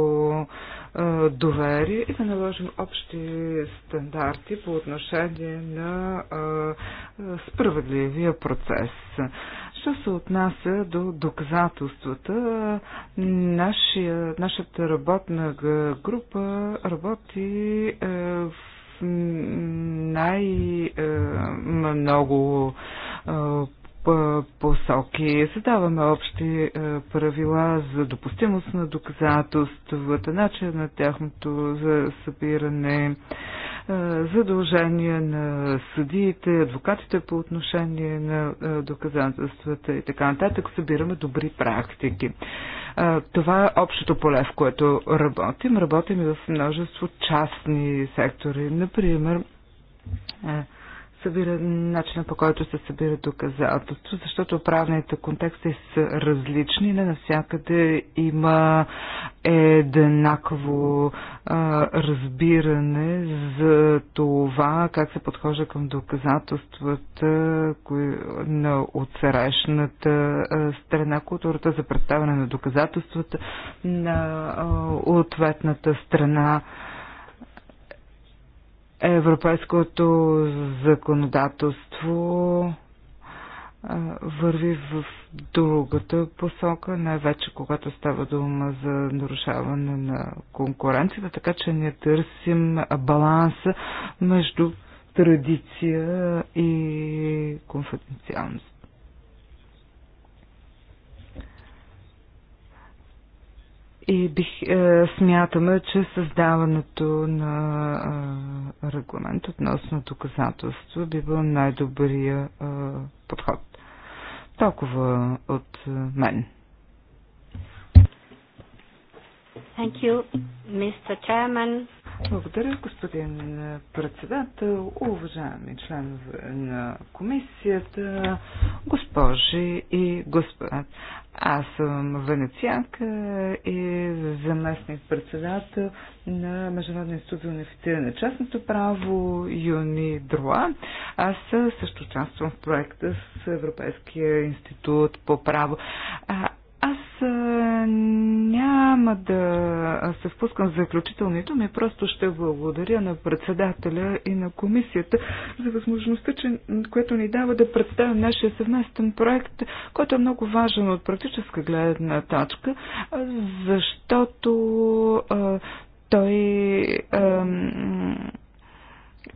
доверие и да наложим общи стандарти по отношение на справедливия процес. Що се отнася до доказателствата, нашия, нашата работна група работи в най-много посоки. Задаваме общи е, правила за допустимост на доказателствата, начин на тяхното за събиране, е, задължения на съдиите, адвокатите по отношение на е, доказателствата и така нататък. Събираме добри практики. Това е общото поле, в което работим. Работим и в множество частни сектори. Например, събира, начина по който се събира доказателство, защото правните контексти е са различни, не навсякъде има еднакво а, разбиране за това как се подхожда към доказателствата кои, на отсрещната страна, културата за представяне на доказателствата на а, ответната страна. А, европейското законодателство върви в другата посока, най-вече когато става дума за нарушаване на конкуренцията, така че ние търсим баланса между традиция и конфиденциалност. И бих, е, смятаме, че създаването на е, регламент относно доказателство би бил най-добрия е, подход. Толкова от е, мен. Thank you, Mr. Chairman. Благодаря, господин председател, уважаеми членове на комисията, госпожи и господа. Аз съм венецианка и заместник председател на Международния институт за унифициране на частното право Юни Друа. Аз също участвам в проекта с Европейския институт по право. Аз няма да се впускам в заключителните ми, просто ще благодаря на председателя и на комисията за възможността, че, което ни дава да представим нашия съвместен проект, който е много важен от практическа гледна точка, защото а, той а,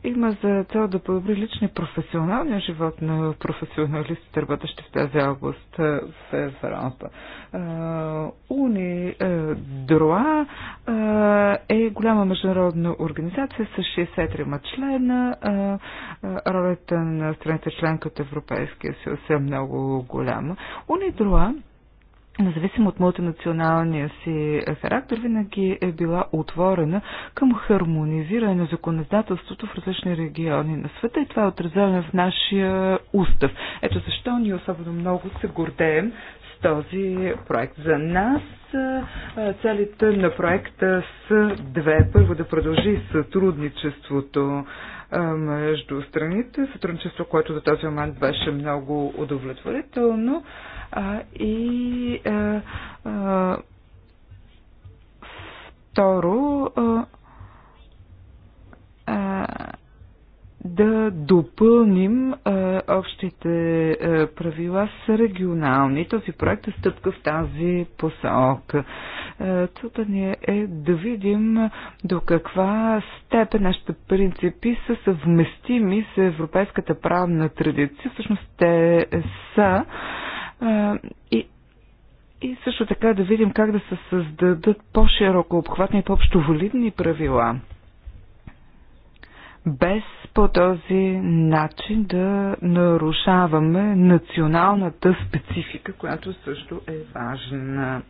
има за цел да подобри личния професионалния живот на професионалистите, работещи в тази област в Европа. Уни Дроа е голяма международна организация с 63 члена. Ролята на страните членка от Европейския съюз е много голяма. Уни Дроа независимо от мултинационалния си характер, винаги е била отворена към хармонизиране на законодателството в различни региони на света и това е отразено в нашия устав. Ето защо ние особено много се гордеем с този проект. За нас целите на проекта са две. Първо да продължи сътрудничеството между страните, сътрудничество, което до този момент беше много удовлетворително. А, и а, е, а, е, второ, а, е, а, да допълним а, общите а, правила с регионални. Този проект е стъпка в тази посока. Целта ни е да видим до каква степен нашите принципи са съвместими с европейската правна традиция. Всъщност те са. А, и, и също така да видим как да се създадат по-широко обхватни и по-общо валидни правила без по този начин да нарушаваме националната специфика, която също е важна.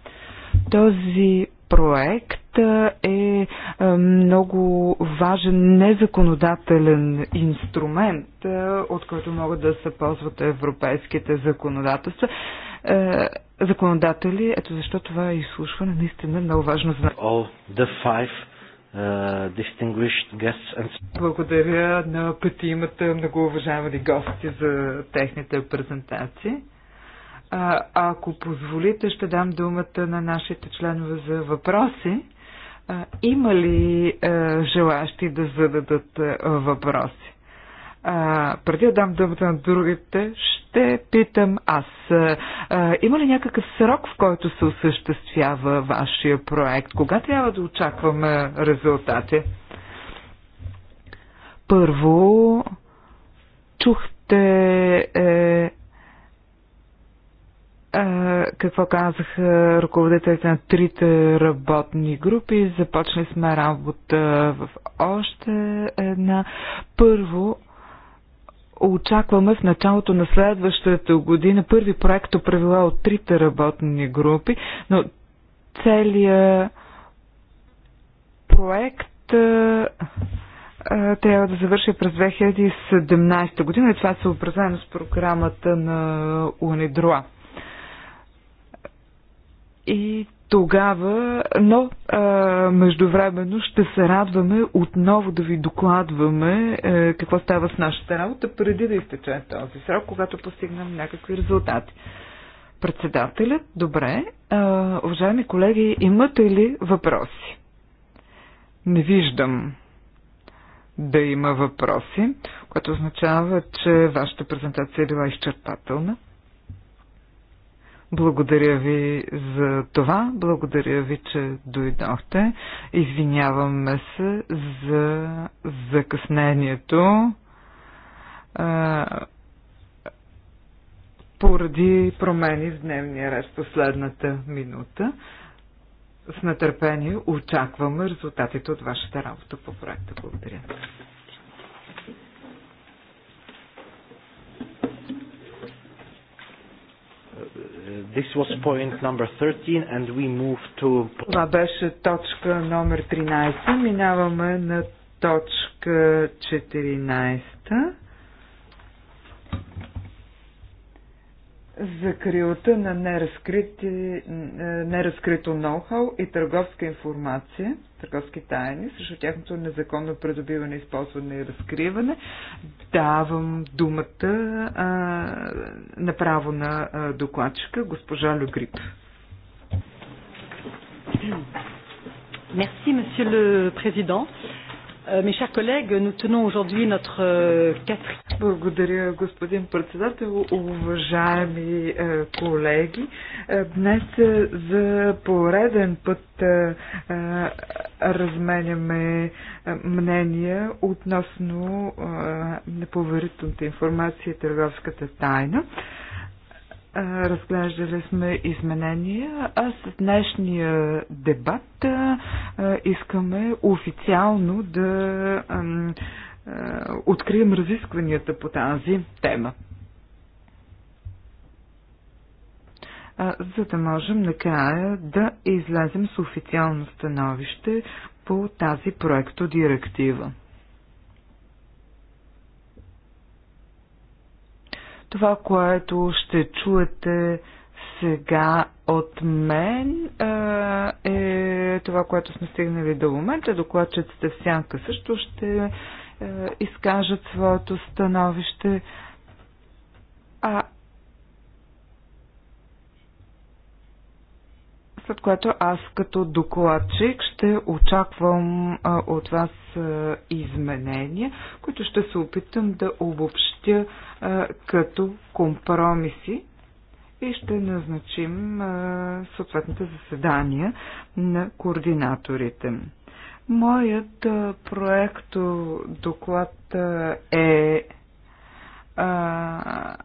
Този проект е много важен незаконодателен инструмент, от който могат да се ползват европейските законодателства. Законодатели, ето защо това е изслушване наистина е много важно за Uh, And... Благодаря на петимата уважавани гости за техните презентации. А, ако позволите, ще дам думата на нашите членове за въпроси. А, има ли а, желащи да зададат а, въпроси? А, преди да дам думата на другите, ще питам аз. А, има ли някакъв срок, в който се осъществява вашия проект? Кога трябва да очакваме резултати? Първо, чухте е, какво казаха ръководителите на трите работни групи. Започнали сме работа в още една. Първо, очакваме в началото на следващата година първи проект правила от трите работни групи, но целият проект трябва да завърши през 2017 година и това е съобразено с програмата на Унидроа. И тогава, но а, междувременно ще се радваме отново да ви докладваме а, е, какво става с нашата работа преди да изтече този срок, когато постигнем някакви резултати. Председателят, добре. А, уважаеми колеги, имате ли въпроси? Не виждам да има въпроси, което означава, че вашата презентация е била изчерпателна. Благодаря ви за това. Благодаря ви, че дойдохте. Извиняваме се за закъснението. Поради промени в дневния ред в последната минута, с нетърпение очакваме резултатите от вашата работа по проекта. Благодаря. This was point number 13 and we move to... Това беше точка номер 13. Минаваме на точка 14. закрилата на неразкрити, е, неразкрито ноу-хау и търговска информация, търговски тайни, срещу тяхното незаконно придобиване, използване и разкриване. Давам думата а, направо на а, докладчика, госпожа Люгрип. Мерси, monsieur президент. Euh, mes chers collègues, nous tenons aujourd'hui notre euh, quatrième. Благодаря, господин председател, уважаеми е, колеги. Е, днес е, за пореден път разменяме мнения относно неповерителната информация и търговската тайна разглеждали сме изменения, а с днешния дебат искаме официално да открием разискванията по тази тема. За да можем накрая да излезем с официално становище по тази проекто директива. Това, което ще чуете сега от мен е това, което сме стигнали до момента. Докладчиците в сянка също ще изкажат своето становище. А след което аз като докладчик ще очаквам от вас изменения, които ще се опитам да обобщя пътя а, като компромиси и ще назначим а, съответните заседания на координаторите. Моят а, проекто доклад а, е а,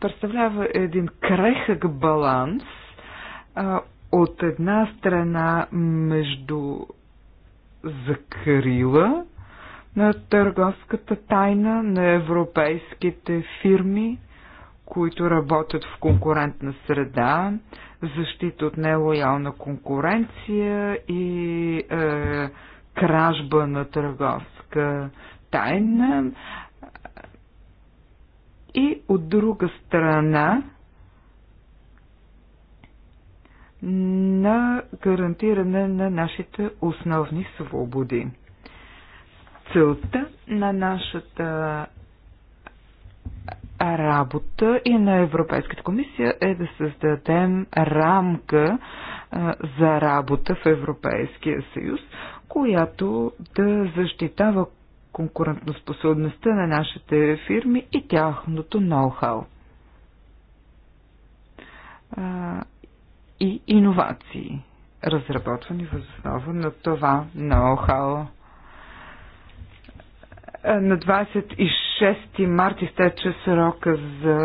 представлява един крехък баланс а, от една страна между закрила на търговската тайна на европейските фирми, които работят в конкурентна среда, защита от нелоялна конкуренция и е, кражба на търговска тайна. И от друга страна на гарантиране на нашите основни свободи. Целта на нашата работа и на Европейската комисия е да създадем рамка за работа в Европейския съюз, която да защитава конкурентоспособността на нашите фирми и тяхното ноу-хау и иновации, разработвани въз основа на това ноу-хау. На 26 март изтече срока за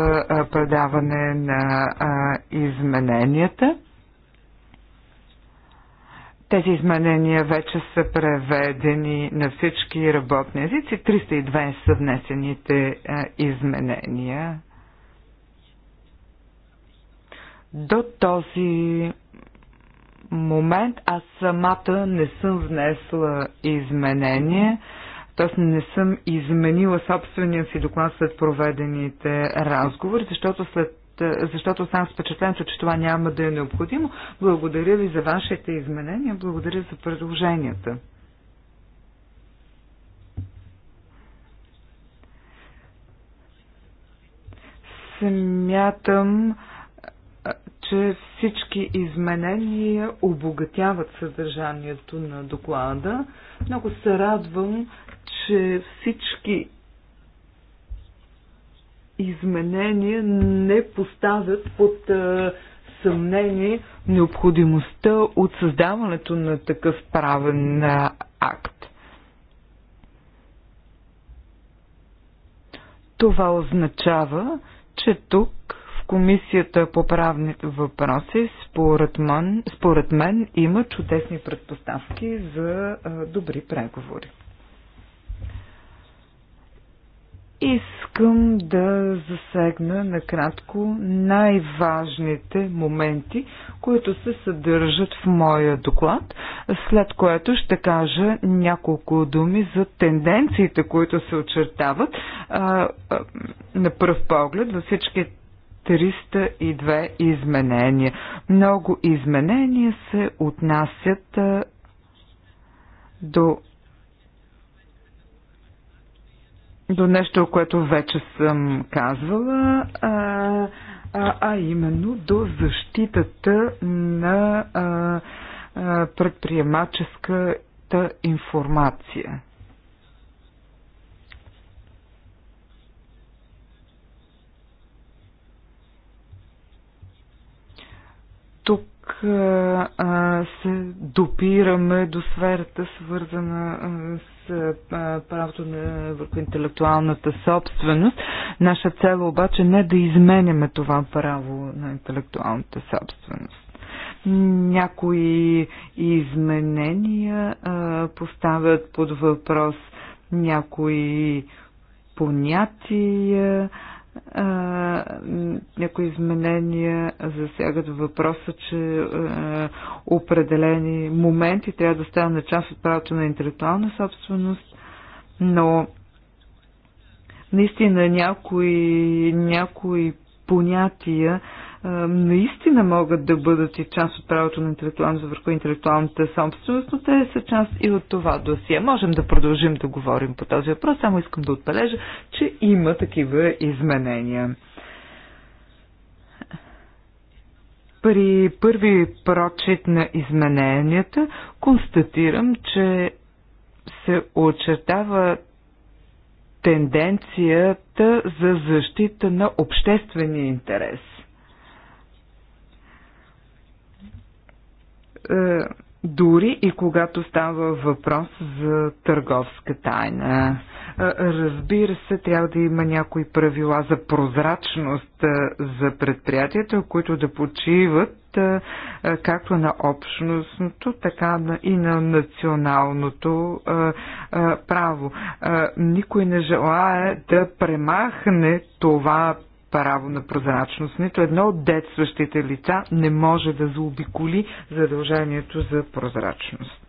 предаване на измененията. Тези изменения вече са преведени на всички работни езици. 302 са внесените изменения. До този момент аз самата не съм внесла изменения. Тоест не съм изменила собствения си доклад след проведените разговори, защото след защото съм с впечатлението, че това няма да е необходимо. Благодаря ви за вашите изменения, благодаря за предложенията. Смятам, че всички изменения обогатяват съдържанието на доклада. Много се радвам, че всички изменения не поставят под съмнение необходимостта от създаването на такъв правен акт. Това означава, че тук в Комисията по правните въпроси, според мен, според мен има чудесни предпоставки за добри преговори. Искам да засегна накратко най-важните моменти, които се съдържат в моя доклад, след което ще кажа няколко думи за тенденциите, които се очертават а, а, на пръв поглед във всички 302 изменения. Много изменения се отнасят а, до до нещо, което вече съм казвала, а, а, а именно до защитата на а, а, предприемаческата информация. тук а, се допираме до сферата, свързана с а, правото на, върху интелектуалната собственост. Наша цел е обаче не е да изменяме това право на интелектуалната собственост някои изменения а, поставят под въпрос някои понятия, някои изменения засягат въпроса, че определени моменти трябва да станат част от правото на интелектуална собственост, но наистина някои, някои понятия наистина могат да бъдат и част от правото на интелектуалност върху интелектуалната собственост, но те са част и от това досие. Можем да продължим да говорим по този въпрос, само искам да отбележа, че има такива изменения. При първи прочит на измененията констатирам, че се очертава тенденцията за защита на обществения интерес – Е, дори и когато става въпрос за търговска тайна. Е, разбира се, трябва да има някои правила за прозрачност е, за предприятията, които да почиват както на общностното, така и на националното право. Никой не желая да премахне това право на прозрачност. Нито едно от детстващите лица не може да заобиколи задължението за прозрачност.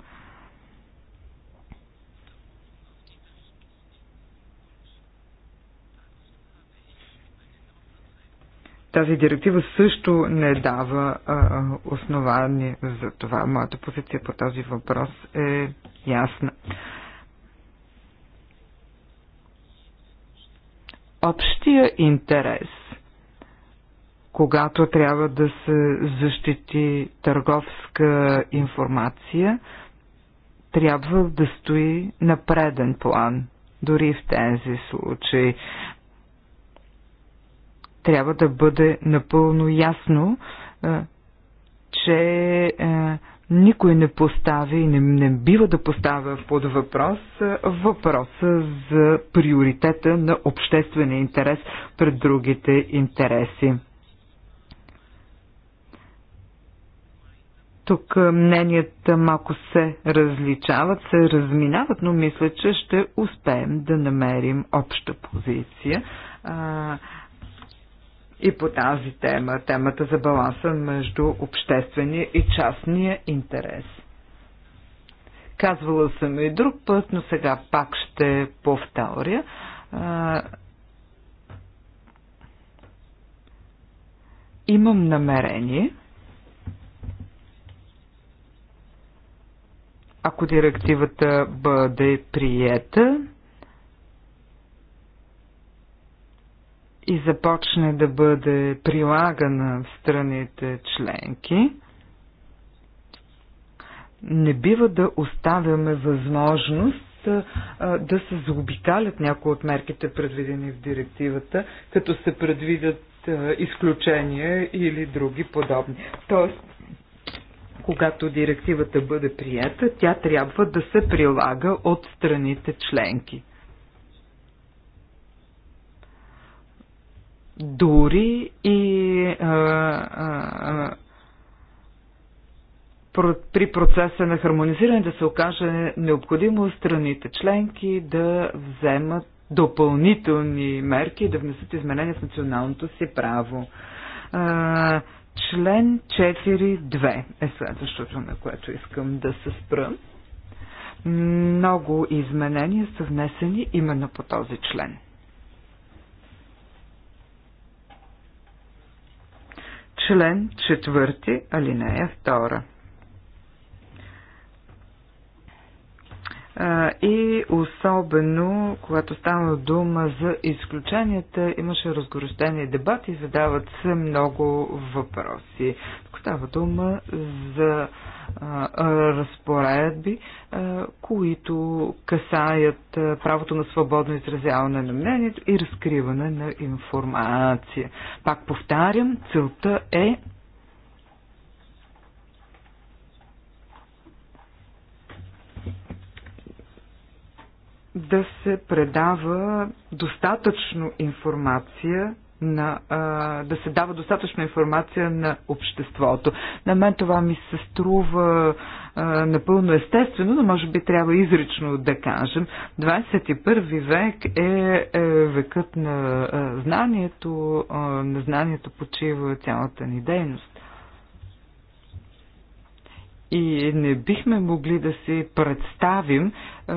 Тази директива също не дава а, основание за това. Моята позиция по този въпрос е ясна. общия интерес, когато трябва да се защити търговска информация, трябва да стои на преден план, дори в тези случаи. Трябва да бъде напълно ясно, че никой не поставя и не, не бива да поставя под въпрос въпроса за приоритета на обществения интерес пред другите интереси. Тук мненията малко се различават, се разминават, но мисля, че ще успеем да намерим обща позиция и по тази тема, темата за баланса между обществения и частния интерес. Казвала съм и друг път, но сега пак ще повторя. имам намерение, ако директивата бъде приета, и започне да бъде прилагана в страните членки, не бива да оставяме възможност да се заобикалят някои от мерките, предвидени в директивата, като се предвидят изключения или други подобни. Тоест, когато директивата бъде приета, тя трябва да се прилага от страните членки. дори и а, а, при процеса на хармонизиране да се окаже необходимо страните членки да вземат допълнителни мерки и да внесат изменения в националното си право. А, член 4.2 е следващото, на което искам да се спра. Много изменения са внесени именно по този член. член 4, алинея 2. и особено, когато стана дума за изключенията, имаше разгорещени дебати, задават се много въпроси. Тук става дума за разпоредби, които касаят правото на свободно изразяване на мнението и разкриване на информация. Пак повтарям, целта е да се предава достатъчно информация на, а, да се дава достатъчно информация на обществото. На мен това ми се струва а, напълно естествено, но може би трябва изрично да кажем. 21 век е, е векът на а, знанието, а, на знанието почива цялата ни дейност и не бихме могли да си представим е,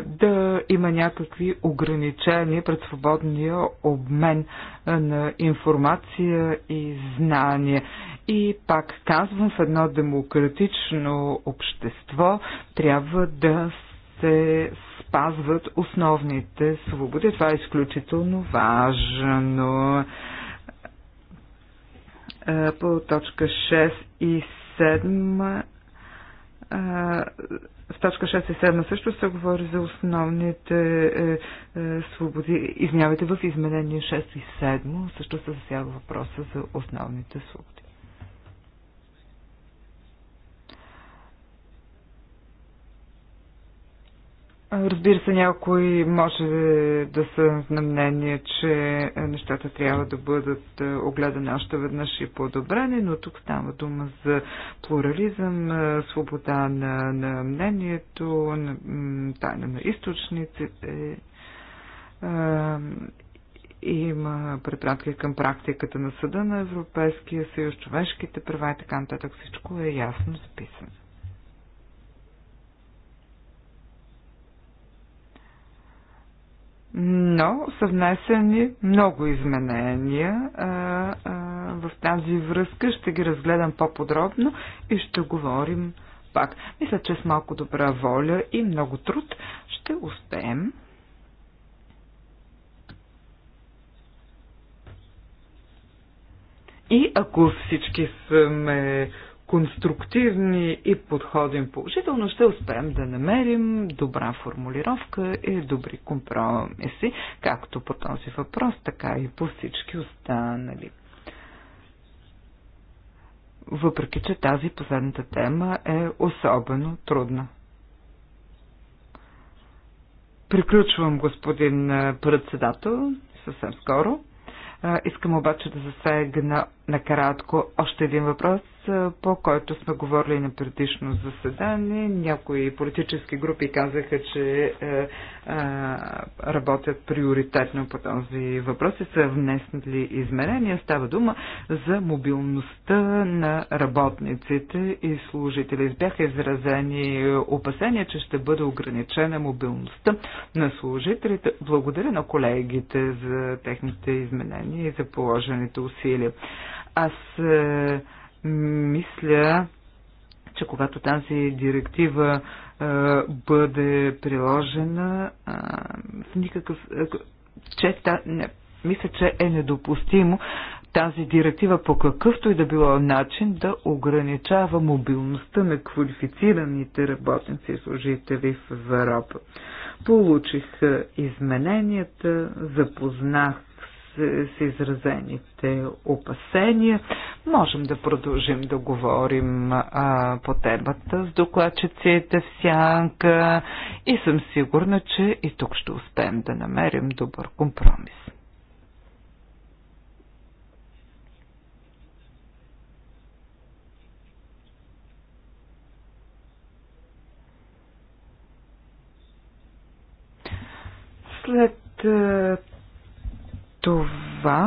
да има някакви ограничения пред свободния обмен е, на информация и знания. И пак казвам, в едно демократично общество трябва да се спазват основните свободи. Това е изключително важно. Е, по точка 6 и 7 в точка 6 и 7 също се говори за основните е, е, свободи. Извинявайте, в изменение 6 и 7 също се засяга въпроса за основните свободи. Разбира се, някой може да са на мнение, че нещата трябва да бъдат е, огледани още веднъж и подобрени, но тук става дума за плурализъм, е, свобода на, на мнението, на, тайна на източниците. Е, има препратки към практиката на Съда на Европейския съюз, човешките права и така нататък. Всичко е ясно записано. но са внесени много изменения а, а, в тази връзка. Ще ги разгледам по-подробно и ще говорим пак. Мисля, че с малко добра воля и много труд ще успеем. И ако всички сме конструктивни и подходим положително, ще успеем да намерим добра формулировка и добри компромиси, както по този въпрос, така и по всички останали. Въпреки, че тази последната тема е особено трудна. Приключвам, господин председател, съвсем скоро. Искам обаче да засегна накратко още един въпрос – по който сме говорили на предишно заседание. Някои политически групи казаха, че е, е, работят приоритетно по този въпрос и са внесли измерения. Става дума за мобилността на работниците и служители. Бяха изразени опасения, че ще бъде ограничена мобилността на служителите. Благодаря на колегите за техните изменения и за положените усилия. Аз е, мисля, че когато тази директива а, е, бъде приложена, а, е, в никакъв... Е, че, та, не, мисля, че е недопустимо тази директива по какъвто и да било начин да ограничава мобилността на квалифицираните работници и служители в Европа. Получих измененията, запознах са изразените опасения. Можем да продължим да говорим а, по темата с докладчиците в сянка и съм сигурна, че и тук ще успеем да намерим добър компромис. след това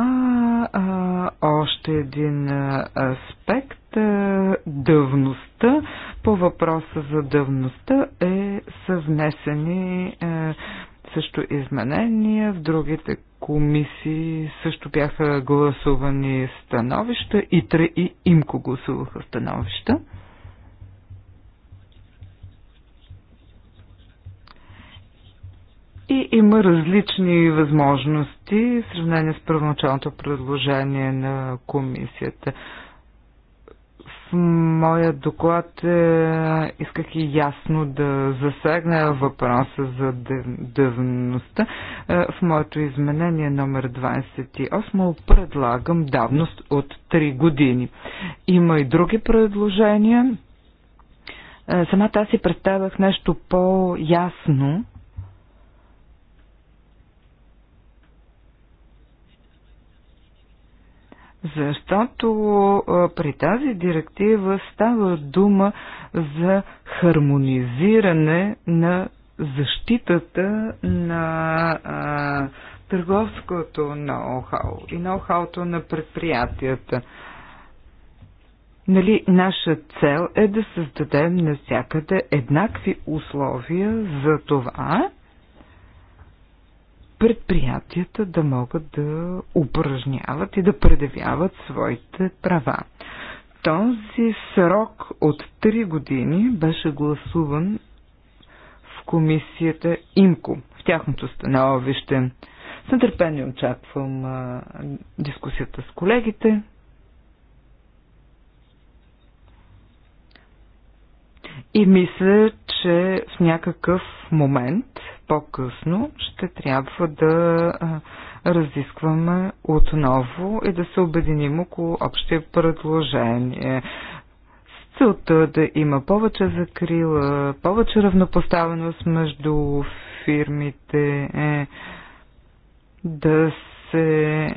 а, още един аспект. А, дъвността. По въпроса за дъвността е съвнесени а, също изменения в другите комисии също бяха гласувани становища и, и имко гласуваха становища. И има различни възможности в сравнение с първоначалното предложение на комисията. В моя доклад е, исках и ясно да засегна въпроса за давността. Е, в моето изменение номер 28 предлагам давност от 3 години. Има и други предложения. Е, самата аз си представях нещо по-ясно защото при тази директива става дума за хармонизиране на защитата на а, търговското ноу-хау и ноу-хауто на предприятията. Нали, наша цел е да създадем навсякъде еднакви условия за това, предприятията да могат да упражняват и да предявяват своите права. Този срок от 3 години беше гласуван в комисията ИМКО, в тяхното становище. С нетърпение очаквам а, дискусията с колегите. И мисля, че в някакъв момент по-късно ще трябва да разискваме отново и да се обединим около общия предложение. С целта да има повече закрила, повече равнопоставеност между фирмите, е, да се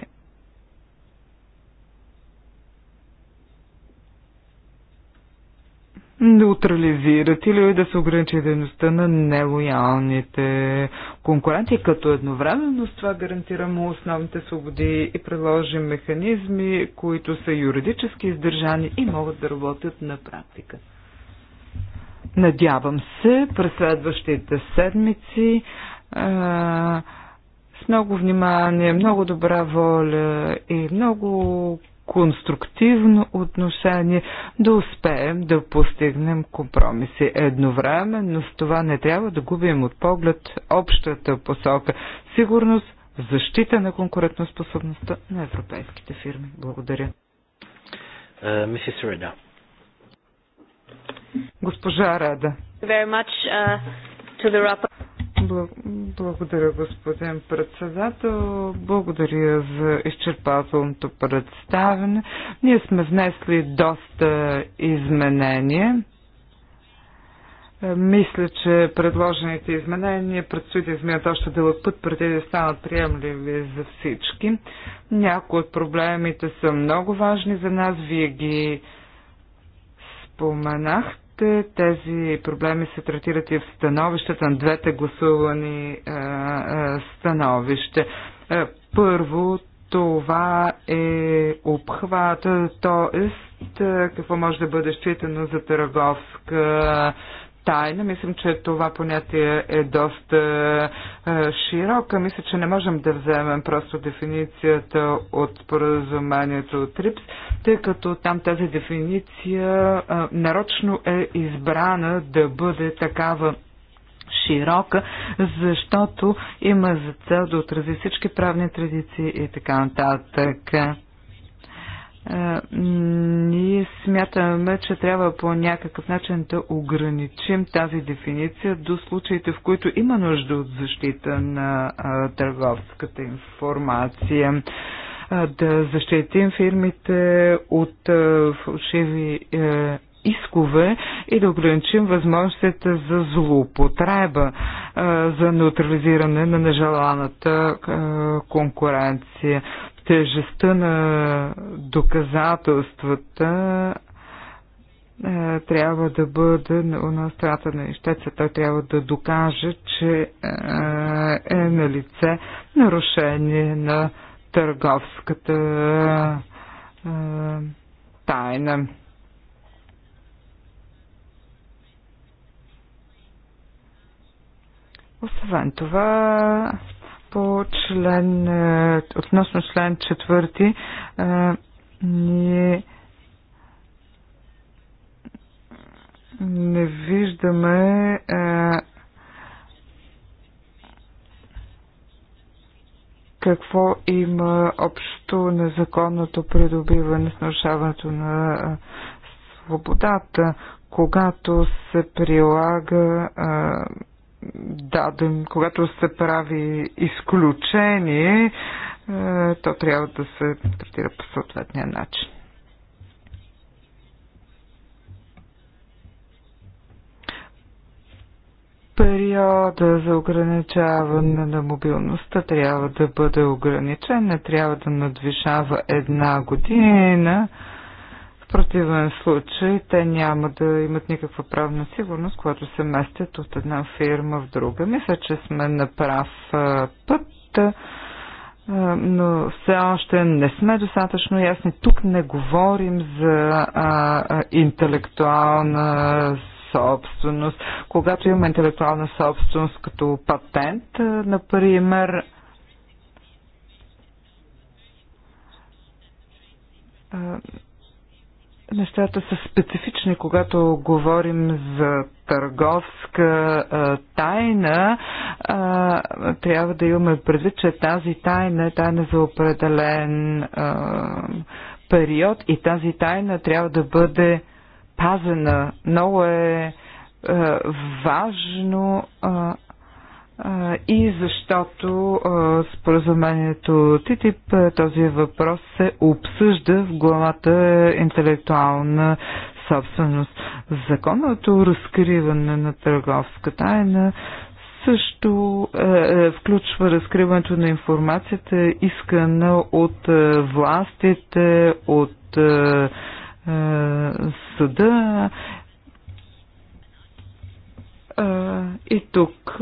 неутрализират или да се ограничи дейността на нелоялните конкуренти, като едновременно с това гарантираме основните свободи и предложим механизми, които са юридически издържани и могат да работят на практика. Надявам се през следващите седмици а, с много внимание, много добра воля и много конструктивно отношение да успеем да постигнем компромиси. Едновременно с това не трябва да губим от поглед общата посока сигурност, защита на конкурентоспособността на европейските фирми. Благодаря. Е, мисис Реда. Госпожа Рада. Благодаря, господин председател. Благодаря за изчерпателното представене. Ние сме внесли доста изменения. Е, мисля, че предложените изменения предстои да изменят още дълъг път, преди да станат приемливи за всички. Някои от проблемите са много важни за нас. Вие ги споменахте тези проблеми се третират и в становищата на двете гласувани а, е, а, е, становище. А, е, първо, това е обхвата, т.е. какво може да бъде считано за търговска тайна. Мислим, че това понятие е доста е, широка. Мисля, че не можем да вземем просто дефиницията от споразумението от РИПС, тъй като там тази дефиниция е, нарочно е избрана да бъде такава широка, защото има за цел да отрази всички правни традиции и така нататък. Е, ние смятаме, че трябва по някакъв начин да ограничим тази дефиниция до случаите, в които има нужда от защита на е, търговската информация, е, да защитим фирмите от фалшиви искове и да ограничим възможностите за злоупотреба, за неутрализиране на нежеланата конкуренция тежестта на доказателствата е, трябва да бъде на страната на ищеца. Той трябва да докаже, че е, е на лице нарушение на търговската е, тайна. Освен това, по член, е, относно член четвърти, е, ние не виждаме е, какво има общо незаконното придобиване с нарушаването на свободата, когато се прилага даден, когато се прави изключение, е, то трябва да се третира по съответния начин. периода за ограничаване на мобилността трябва да бъде ограничен, не трябва да надвишава една година. В противен случай те няма да имат никаква правна сигурност, когато се местят от една фирма в друга. Мисля, че сме на прав път, но все още не сме достатъчно ясни. Тук не говорим за интелектуална собственост. Когато имаме интелектуална собственост като патент, например, Нещата са специфични, когато говорим за търговска а, тайна. А, трябва да имаме предвид, че тази тайна е тайна за определен а, период и тази тайна трябва да бъде пазена. Много е а, важно а, и защото споразумението ТИТИП този въпрос се обсъжда в главата интелектуална собственост. Законното разкриване на търговска тайна също е, е, включва разкриването на информацията, искана от е, властите, от е, е съда и тук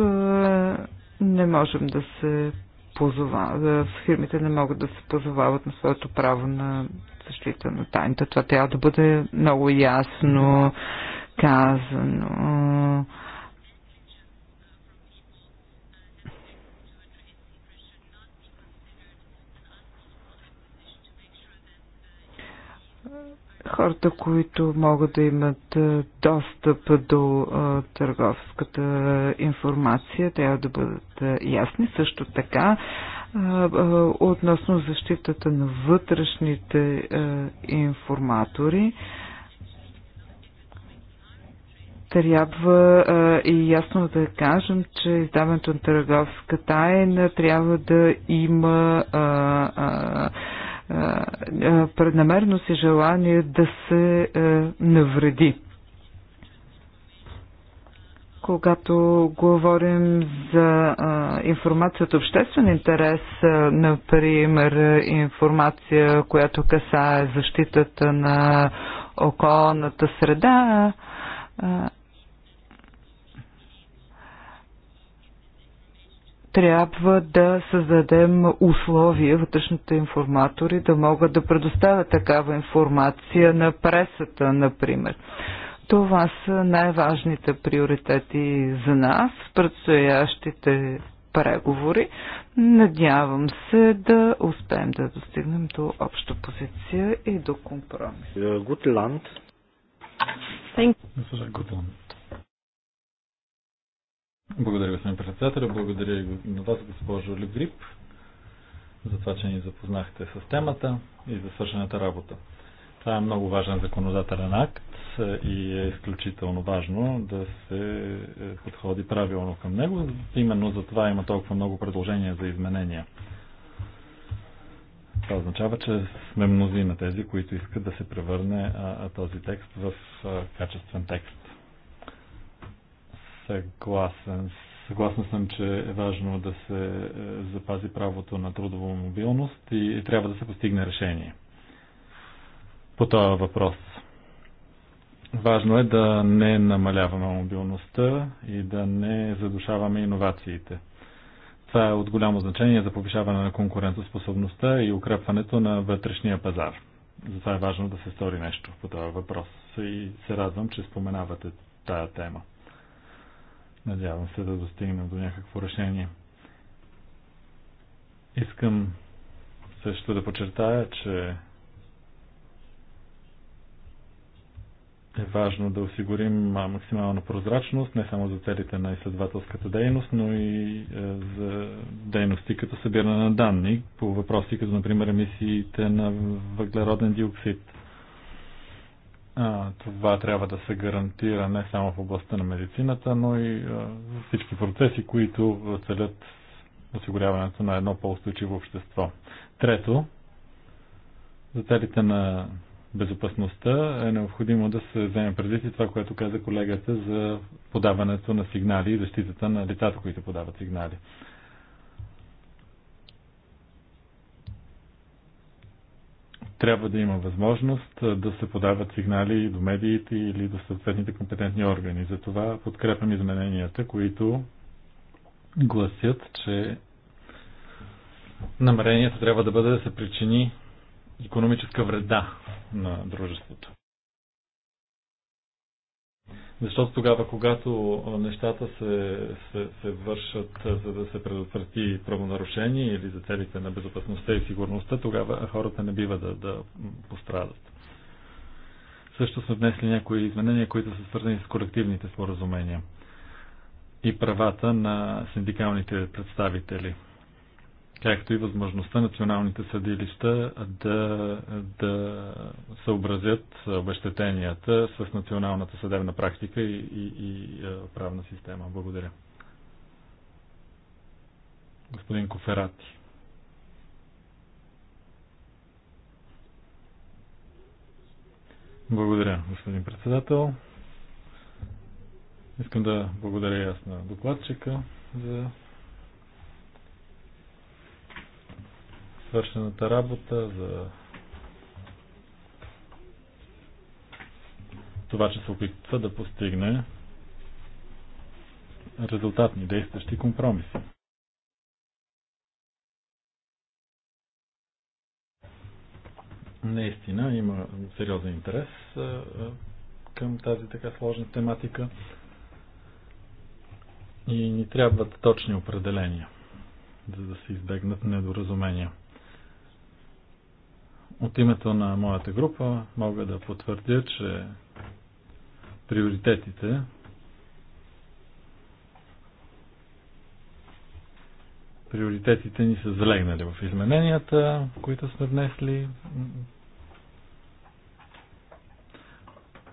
не можем да се позовават, фирмите не могат да се позовават на своето право на защита на тайната. Това трябва да бъде много ясно казано. хората, които могат да имат достъп до търговската информация, трябва да бъдат ясни. Също така, относно защитата на вътрешните информатори, трябва а, и ясно да кажем, че издаването на търговска тайна трябва да има а, а, е, е, преднамерно и желание да се е, навреди. Когато говорим за а, информация от обществен интерес, а, например информация, която касае защитата на околната среда, а, трябва да създадем условия вътрешните информатори да могат да предоставят такава информация на пресата, например. Това са най-важните приоритети за нас в предстоящите преговори. Надявам се да успеем да достигнем до обща позиция и до компромис. Гутланд. Госпожа благодаря, господин председател. Благодаря и на вас, госпожо Легрип, за това, че ни запознахте с темата и за свършената работа. Това е много важен законодателен акт и е изключително важно да се е, подходи правилно към него. Именно за това има толкова много предложения за изменения. Това означава, че сме мнозина тези, които искат да се превърне този текст в качествен текст. Съгласен. Съгласен съм, че е важно да се е, запази правото на трудова мобилност и трябва да се постигне решение по този въпрос. Важно е да не намаляваме мобилността и да не задушаваме иновациите. Това е от голямо значение за повишаване на конкурентоспособността и укрепването на вътрешния пазар. Затова е важно да се стори нещо по този въпрос и се радвам, че споменавате тая тема. Надявам се да достигнем до някакво решение. Искам също да подчертая, че е важно да осигурим максимална прозрачност, не само за целите на изследователската дейност, но и е, за дейности като събиране на данни по въпроси, като например емисиите на въглероден диоксид това трябва да се гарантира не само в областта на медицината, но и всички процеси, които целят осигуряването на едно по-устойчиво общество. Трето, за целите на безопасността е необходимо да се вземе предвид и това, което каза колегата за подаването на сигнали и защитата на лицата, които подават сигнали. Трябва да има възможност да се подават сигнали до медиите или до съответните компетентни органи. Затова подкрепям измененията, които гласят, че намерението трябва да бъде да се причини економическа вреда на дружеството. Защото тогава, когато нещата се, се, се вършат за да се предотврати правонарушение или за целите на безопасността и сигурността, тогава хората не бива да, да пострадат. Също сме внесли някои изменения, които са свързани с колективните споразумения и правата на синдикалните представители както и възможността националните съдилища да, да съобразят обещетенията с националната съдебна практика и, и, и е, правна система. Благодаря. Господин Коферати. Благодаря, господин председател. Искам да благодаря ясно на докладчика за свършената работа, за това, че се опитва да постигне резултатни действащи компромиси. Наистина има сериозен интерес към тази така сложна тематика и ни трябват точни определения, за да се избегнат недоразумения. От името на моята група мога да потвърдя, че приоритетите приоритетите ни са залегнали в измененията, които сме внесли.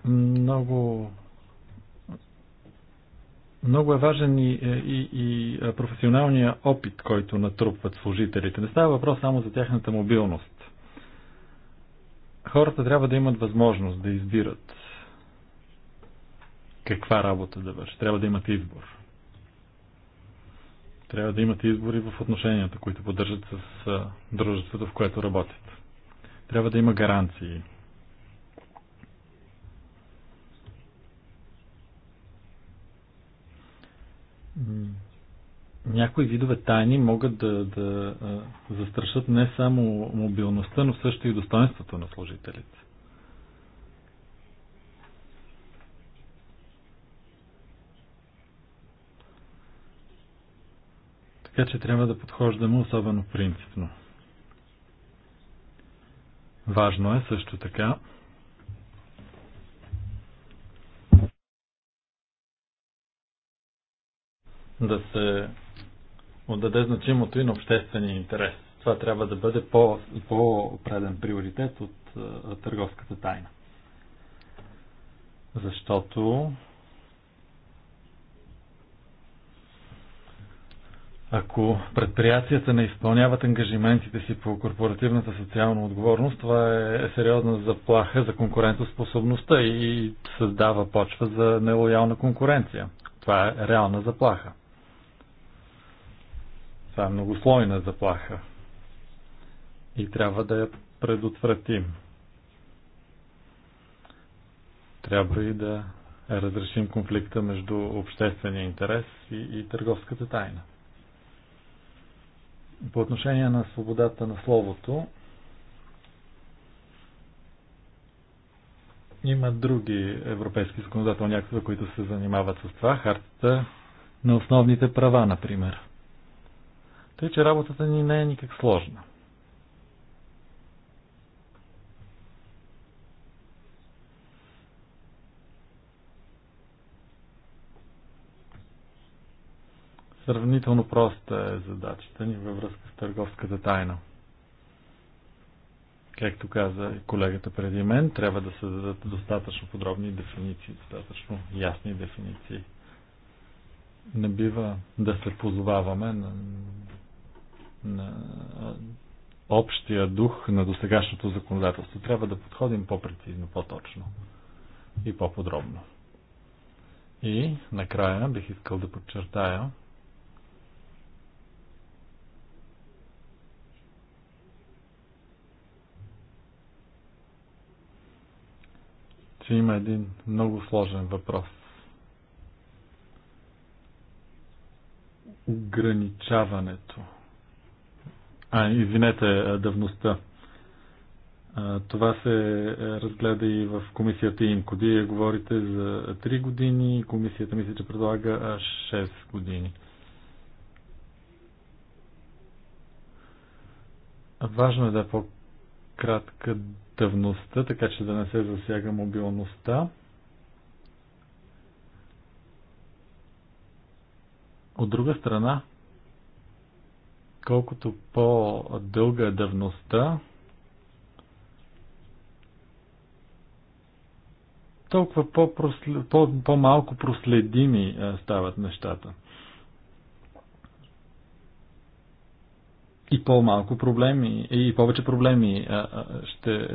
Много много е важен и, е, и, и професионалния опит, който натрупват служителите. Не става въпрос само за тяхната мобилност хората трябва да имат възможност да избират каква работа да върши. Трябва да имат избор. Трябва да имат избори в отношенията, които поддържат с дружеството, в което работят. Трябва да има гаранции. Mm някои видове тайни могат да, да застрашат не само мобилността, но също и достоинството на служителите. Така че трябва да подхождаме особено принципно. Важно е също така да се отдаде значимото и на обществения интерес. Това трябва да бъде по-преден по приоритет от а, търговската тайна. Защото Ако предприятията не изпълняват ангажиментите си по корпоративната социална отговорност, това е, е сериозна заплаха за конкурентоспособността и създава почва за нелоялна конкуренция. Това е реална заплаха. Това е многослойна заплаха и трябва да я предотвратим. Трябва и да разрешим конфликта между обществения интерес и, и търговската тайна. По отношение на свободата на словото, има други европейски законодателни актове, които се занимават с това. Хартата на основните права, например. Тъй, че работата ни не е никак сложна. Сравнително проста е задачата ни във връзка с търговската тайна. Както каза и колегата преди мен, трябва да се дадат достатъчно подробни дефиниции, достатъчно ясни дефиниции. Не бива да се позоваваме на на общия дух на досегашното законодателство. Трябва да подходим по-прецизно, по-точно и по-подробно. И накрая бих искал да подчертая, че има един много сложен въпрос. Ограничаването а, извинете, давността. Това се разгледа и в комисията ИМКО. Вие говорите за 3 години, комисията мисля, че предлага 6 години. Важно е да е по-кратка давността, така че да не се засяга мобилността. От друга страна, колкото по-дълга е давността, толкова по-малко проследими е, стават нещата. И по-малко проблеми, и повече проблеми е, е, ще,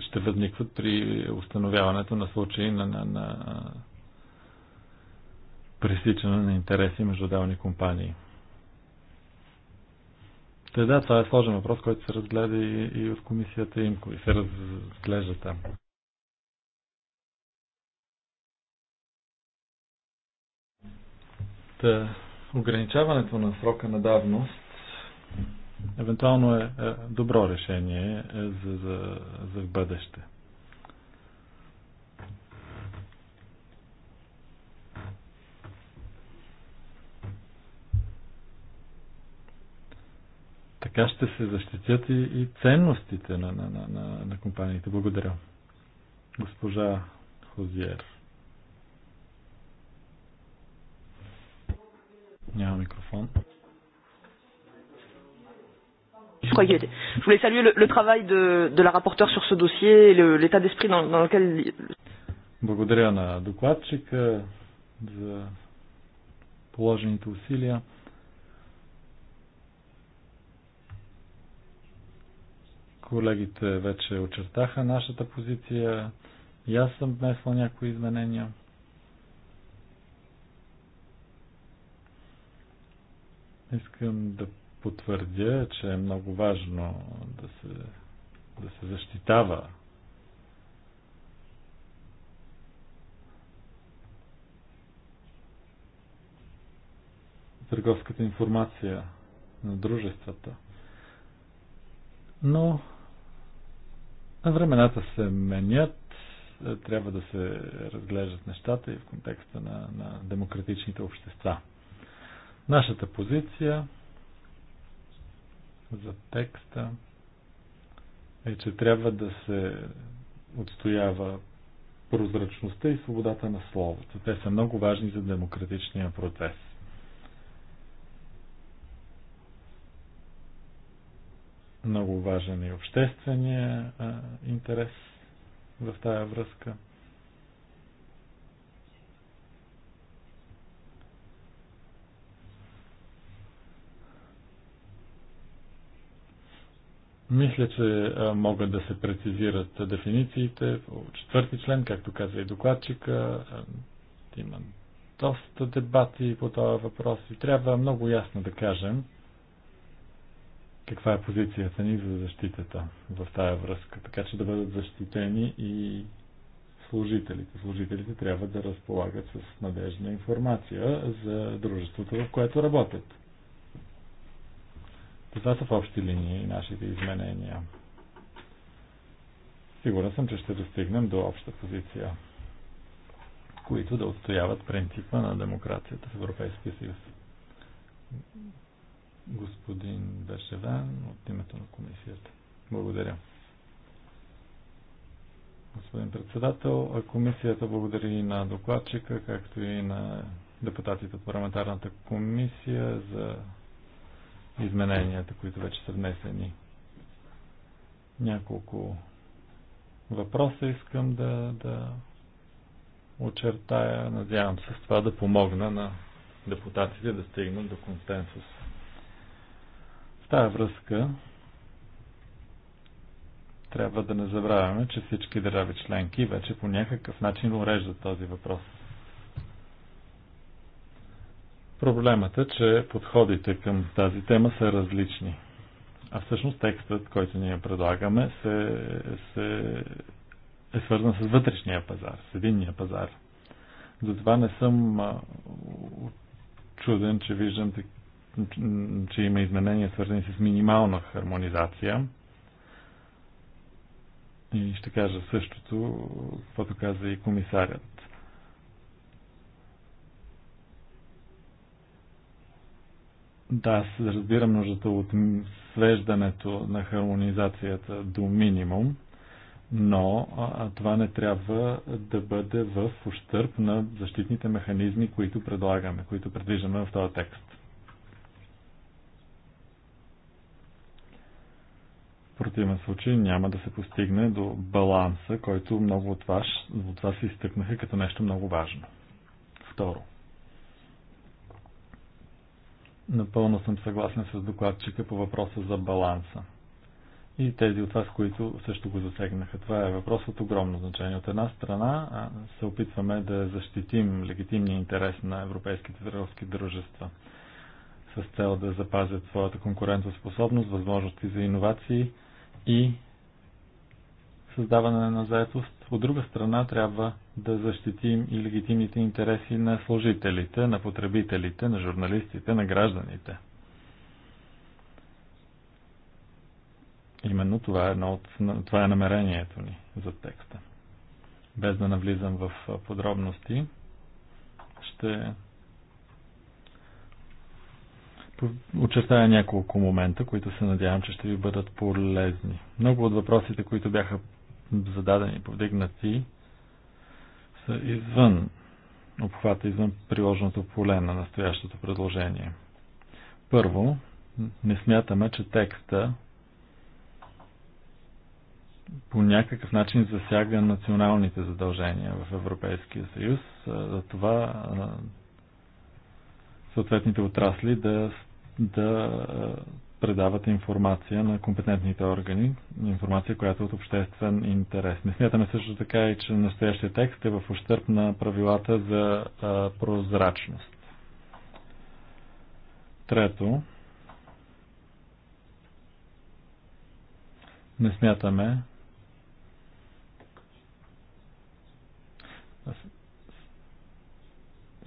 ще възникват при установяването на случаи на, на, на пресичане на интереси между давни компании. Та е, да, това е сложен въпрос, който се разгледа и, и в комисията им, и се разглежда там. Та, ограничаването на срока на давност евентуално е, е добро решение е, за, за, за бъдеще. така ще се защитят и, и ценностите на, на, на, на, на компаниите. Благодаря. Госпожа Хозиер. Няма микрофон. Je saluer le, le travail de, de la rapporteure sur ce dossier et l'état d'esprit dans, dans lequel. Благодаря на докладчика за положените усилия. Колегите вече очертаха нашата позиция. И аз съм внесла някои изменения. Искам да потвърдя, че е много важно да се, да се защитава търговската информация на дружествата. Но Времената се менят, е, трябва да се разглеждат нещата и в контекста на, на демократичните общества. Нашата позиция за текста е, че трябва да се отстоява прозрачността и свободата на словото. Те са много важни за демократичния процес. Много важен и обществения а, интерес в тая връзка. Мисля, че могат да се прецизират дефинициите. Четвърти член, както каза и докладчика, има доста дебати по този въпрос и трябва много ясно да кажем – каква е позицията ни за защитата в тая връзка, така че да бъдат защитени и служителите. Служителите трябва да разполагат с надежна информация за дружеството, в което работят. Това са в общи линии нашите изменения. Сигурен съм, че ще достигнем до обща позиция, които да отстояват принципа на демокрацията в Европейския съюз господин Бешеван от името на комисията. Благодаря. Господин председател, комисията благодари и на докладчика, както и на депутатите от парламентарната комисия за измененията, които вече са внесени. Няколко въпроса искам да, да очертая. Надявам се с това да помогна на депутатите да стигнат до консенсус тая връзка трябва да не забравяме, че всички държави членки вече по някакъв начин уреждат този въпрос. Проблемът е, че подходите към тази тема са различни. А всъщност текстът, който ние предлагаме, се, се, е свързан с вътрешния пазар, с единния пазар. Затова не съм чуден, че виждам че има изменения свързани с минимална хармонизация. И ще кажа същото, каквото каза и комисарят. Да, аз разбирам нуждата от свеждането на хармонизацията до минимум, но а, това не трябва да бъде в ущърп на защитните механизми, които предлагаме, които предвиждаме в този текст. противен случай няма да се постигне до баланса, който много от вас, от вас изтъкнаха като нещо много важно. Второ. Напълно съм съгласен с докладчика по въпроса за баланса. И тези от вас, които също го засегнаха. Това е въпрос от огромно значение. От една страна се опитваме да защитим легитимния интерес на европейските търговски дружества с цел да запазят своята конкурентоспособност, възможности за иновации и създаване на заетост. От друга страна трябва да защитим и легитимните интереси на служителите, на потребителите, на журналистите, на гражданите. Именно това е, едно от, това е намерението ни за текста. Без да навлизам в подробности, ще очертая няколко момента, които се надявам, че ще ви бъдат полезни. Много от въпросите, които бяха зададени и повдигнати, са извън обхвата, извън приложеното поле на настоящото предложение. Първо, не смятаме, че текста по някакъв начин засяга националните задължения в Европейския съюз. За това съответните отрасли да да е, предават информация на компетентните органи, информация, която е от обществен интерес. Не смятаме също така и, че настоящия текст е в ущърп на правилата за е, прозрачност. Трето, не смятаме,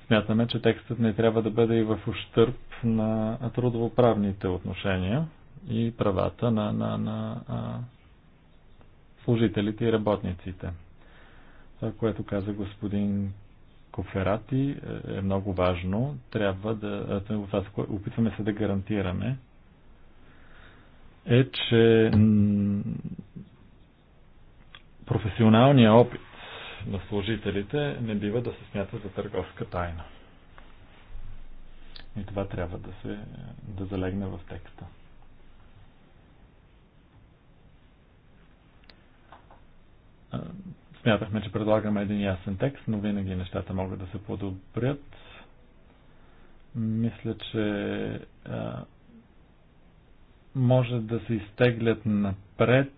смятаме, че текстът не трябва да бъде и в ущърп на трудовоправните отношения и правата на, на, на а, служителите и работниците. Това, което каза господин Коферати е много важно. Трябва да, това, опитваме се да гарантираме, е, че професионалният опит на служителите не бива да се смята за търговска тайна. И това трябва да се да залегне в текста. Смятахме, че предлагаме един ясен текст, но винаги нещата могат да се подобрят. Мисля, че може да се изтеглят напред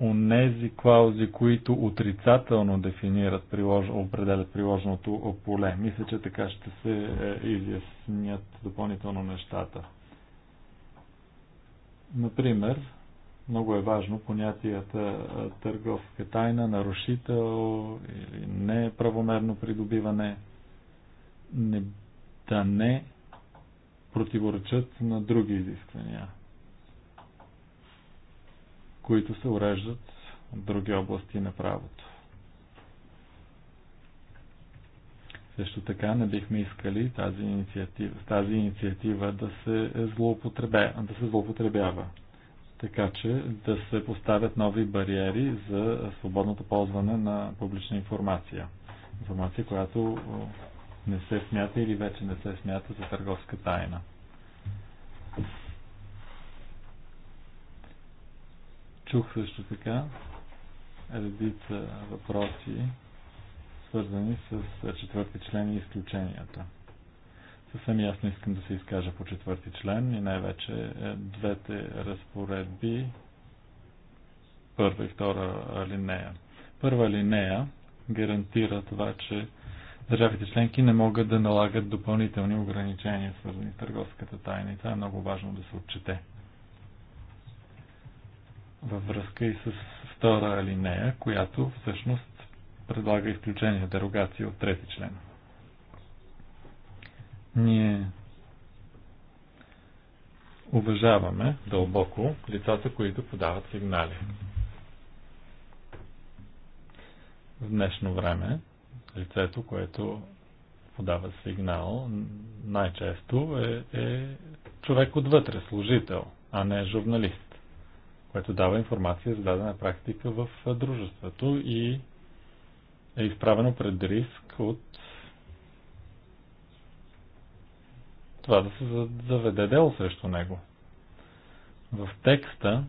онези клаузи, които отрицателно дефинират, прилож... определят приложеното поле. Мисля, че така ще се е, изяснят допълнително нещата. Например, много е важно понятията е, търговска тайна, нарушител или неправомерно придобиване не, да не противоречат на други изисквания които се уреждат в други области на правото. Също така не бихме искали тази инициатива, тази инициатива да, се да се злоупотребява, така че да се поставят нови бариери за свободното ползване на публична информация. Информация, която не се смята или вече не се смята за търговска тайна. Чух също така редица въпроси, свързани с е, четвърти член и изключенията. Съвсем ясно искам да се изкажа по четвърти член и най-вече е, двете разпоредби, първа и втора алинея. Първа алинея гарантира това, че държавите членки не могат да налагат допълнителни ограничения, свързани с търговската тайна и това е много важно да се отчете във връзка и с втора алинея, която всъщност предлага изключение дерогации от трети член. Ние уважаваме дълбоко лицата, които подават сигнали. В днешно време лицето, което подава сигнал, най-често е, е човек отвътре, служител, а не журналист което дава информация за дадена практика в дружеството и е изправено пред риск от това да се заведе дело срещу него. В текста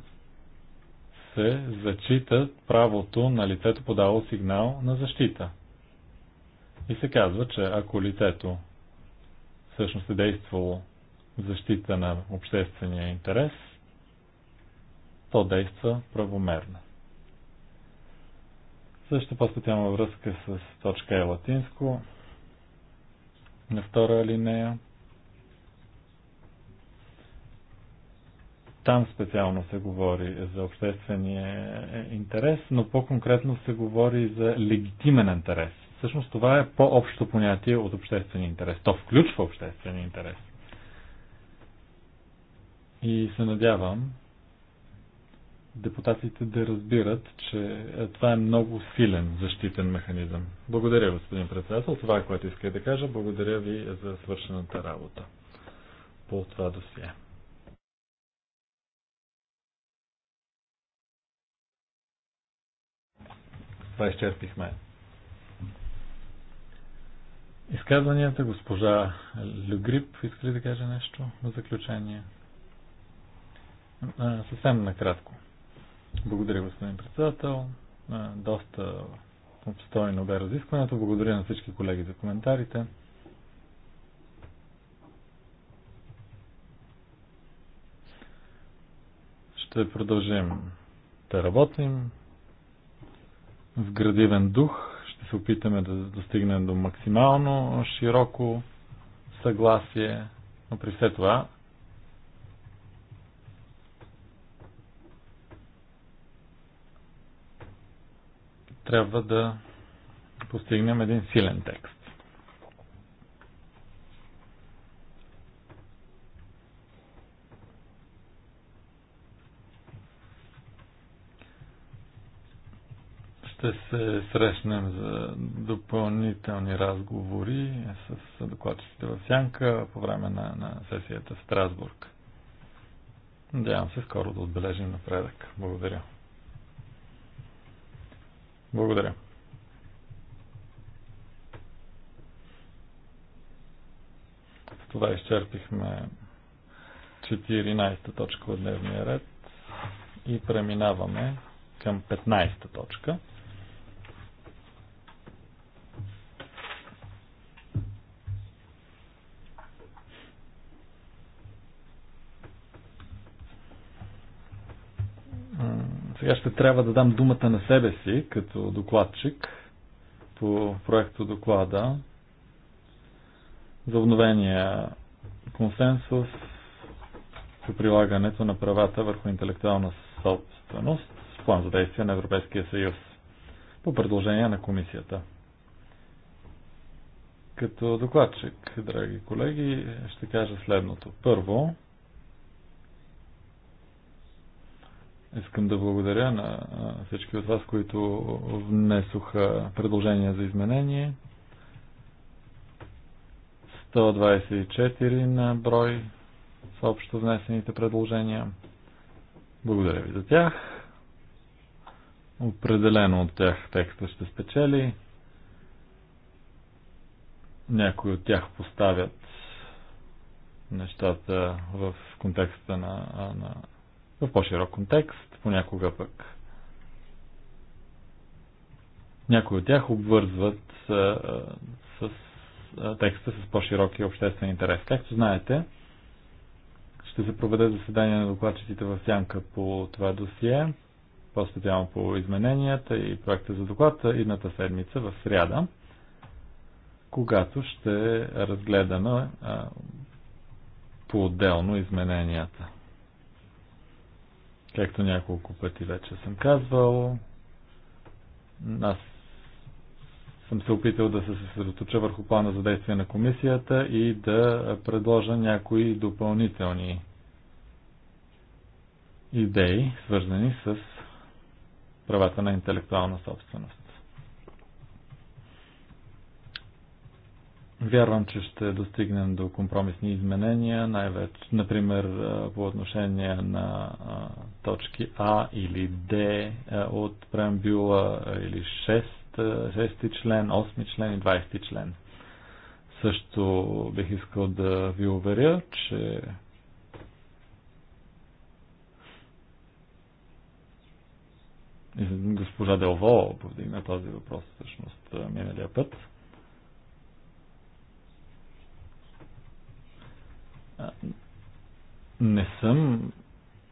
се зачита правото на лицето подало сигнал на защита. И се казва, че ако лицето всъщност е действало в защита на обществения интерес, то действа правомерно. Също по-специална връзка с точка е латинско на втора алинея. Там специално се говори за обществения интерес, но по-конкретно се говори за легитимен интерес. Всъщност това е по-общо понятие от обществения интерес. То включва обществения интерес. И се надявам, депутатите да разбират, че е, това е много силен защитен механизъм. Благодаря, господин председател. Това е което исках да кажа. Благодаря ви за свършената работа по това досие. Това изчерпихме. Изказванията, госпожа Люгрип, иска ли да каже нещо в заключение? съвсем накратко. Благодаря, господин председател. Доста обстойно бе разискването. Благодаря на всички колеги за коментарите. Ще продължим да работим в градивен дух. Ще се опитаме да достигнем до максимално широко съгласие, но при все това трябва да постигнем един силен текст. ще се срещнем за допълнителни разговори с докладчиците в Сянка по време на, на сесията в Страсбург. Надявам се скоро да отбележим напредък. Благодаря. Благодаря. С това изчерпихме 14-та точка от дневния ред и преминаваме към 15-та точка. Сега ще трябва да дам думата на себе си като докладчик по проекто доклада за обновения консенсус по прилагането на правата върху интелектуална собственост в план за действие на Европейския съюз по предложение на комисията. Като докладчик, драги колеги, ще кажа следното. Първо, Искам да благодаря на всички от вас, които внесоха предложения за изменение. 124 на брой са общо внесените предложения. Благодаря ви за тях. Определено от тях текста ще спечели. Някои от тях поставят нещата в контекста на, на в по-широк контекст, понякога пък някои от тях обвързват с текста с по-широки обществен интерес. Както знаете, ще се проведе заседание на докладчиците в Сянка по това досие, по-специално по измененията и проекта за доклад, едната седмица в сряда, когато ще разгледаме по-отделно измененията. Както няколко пъти вече съм казвал, аз съм се опитал да се съсредоточа върху плана за действие на комисията и да предложа някои допълнителни идеи, свързани с правата на интелектуална собственост. Вярвам, че ще достигнем до компромисни изменения, най-вече, например, по отношение на точки А или Д от преамбюла или 6, 6 член, 8 член и 20 член. Също бих искал да ви уверя, че госпожа Делво повдигна този въпрос всъщност миналия път – Не съм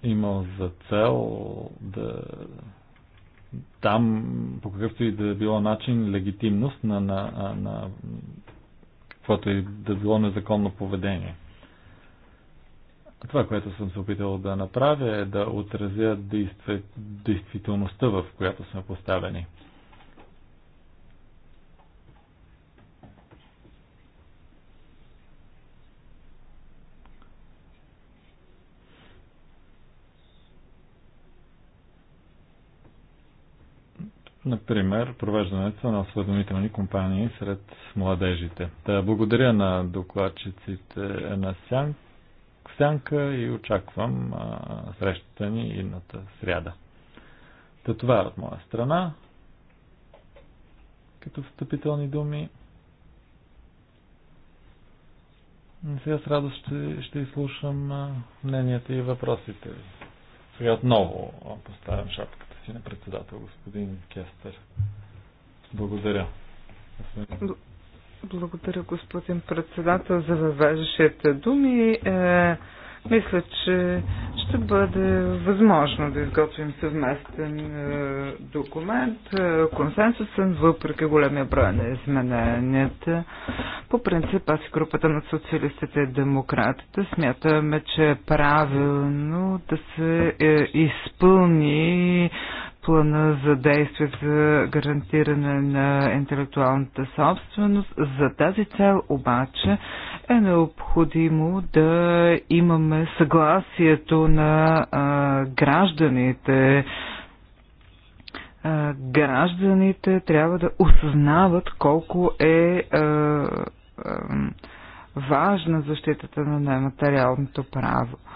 имал за цел да там по какъвто и да е било начин легитимност на, на, на каквото и да било незаконно поведение. Това, което съм се опитал да направя е да отразя действителността, в която сме поставени. Например, провеждането на осведомителни компании сред младежите. Да, благодаря на докладчиците на Сянка и очаквам срещата ни едната сряда. Та това е от моя страна. Като встъпителни думи. Сега с радост ще, ще изслушам мненията и въпросите. Сега отново поставям шапка си председател, господин Кестър. Благодаря. Благодаря, господин председател, за въвеждащите думи. Е, мисля, че ще бъде възможно да изготвим съвместен е, документ, е, консенсусен, въпреки големия брой на измененията. По принцип, аз и групата на социалистите и демократите смятаме, че е правилно да се е, изпълни плана за действие за гарантиране на интелектуалната собственост. За тази цел обаче е необходимо да имаме съгласието на а, гражданите. А, гражданите трябва да осъзнават колко е а, а, важна защитата на нематериалното право. А,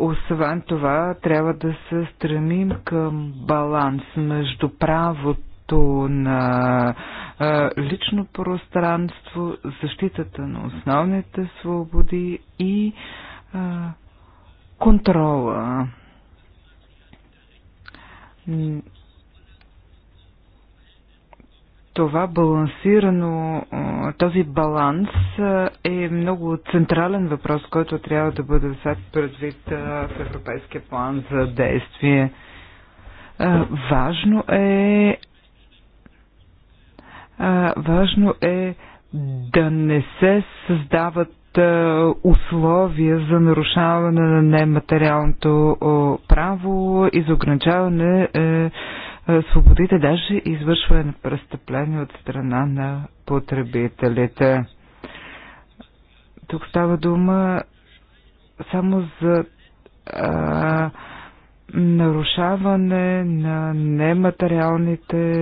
освен това, трябва да се стремим към баланс между правото на лично пространство, защитата на основните свободи и контрола това балансирано, този баланс е много централен въпрос, който трябва да бъде взет предвид в Европейския план за действие. Важно е важно е да не се създават условия за нарушаване на нематериалното право и за ограничаване е, е, свободите, даже извършване на престъпление от страна на потребителите. Тук става дума само за а, нарушаване на нематериалните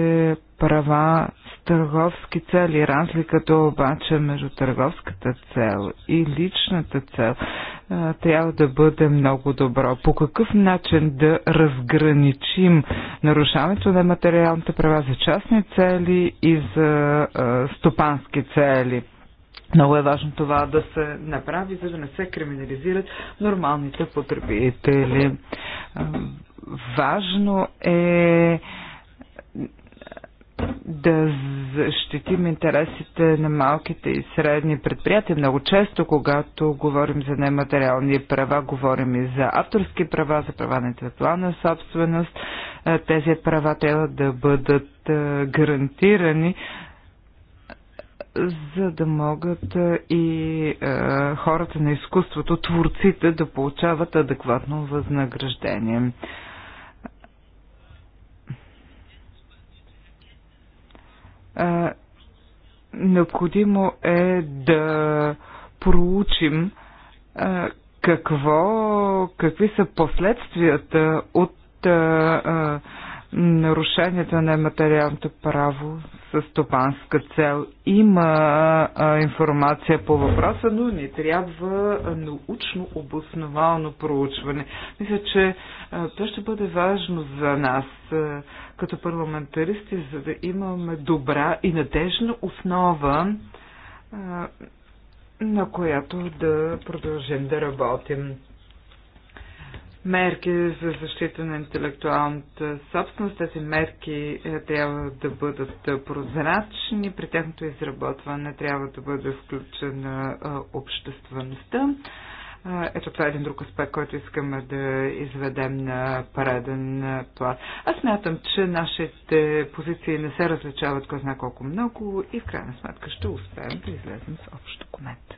права търговски цели. Разликата обаче между търговската цел и личната цел трябва да бъде много добро. По какъв начин да разграничим нарушаването на материалните права за частни цели и за стопански цели? Много е важно това да се направи, за да не се криминализират нормалните потребители. Важно е да защитим интересите на малките и средни предприятия. Много често, когато говорим за нематериални права, говорим и за авторски права, за права на интелектуална собственост. Е, тези права трябва да бъдат е, гарантирани, за да могат е, и хората на изкуството, творците да получават адекватно възнаграждение. необходимо е да проучим какво, какви са последствията от нарушенията на материалното право с стопанска цел. Има а, информация по въпроса, но не трябва научно обосновано проучване. Мисля, че а, то ще бъде важно за нас а, като парламентаристи, за да имаме добра и надежна основа, а, на която да продължим да работим мерки за защита на интелектуалната собственост. Тези мерки е, трябва да бъдат прозрачни, при тяхното изработване трябва да бъде включена е, обществеността. Е, ето това е един друг аспект, който искаме да изведем на параден план. Аз мятам, че нашите позиции не се различават кой знае колко много и в крайна сметка ще успеем да излезем с общ документ.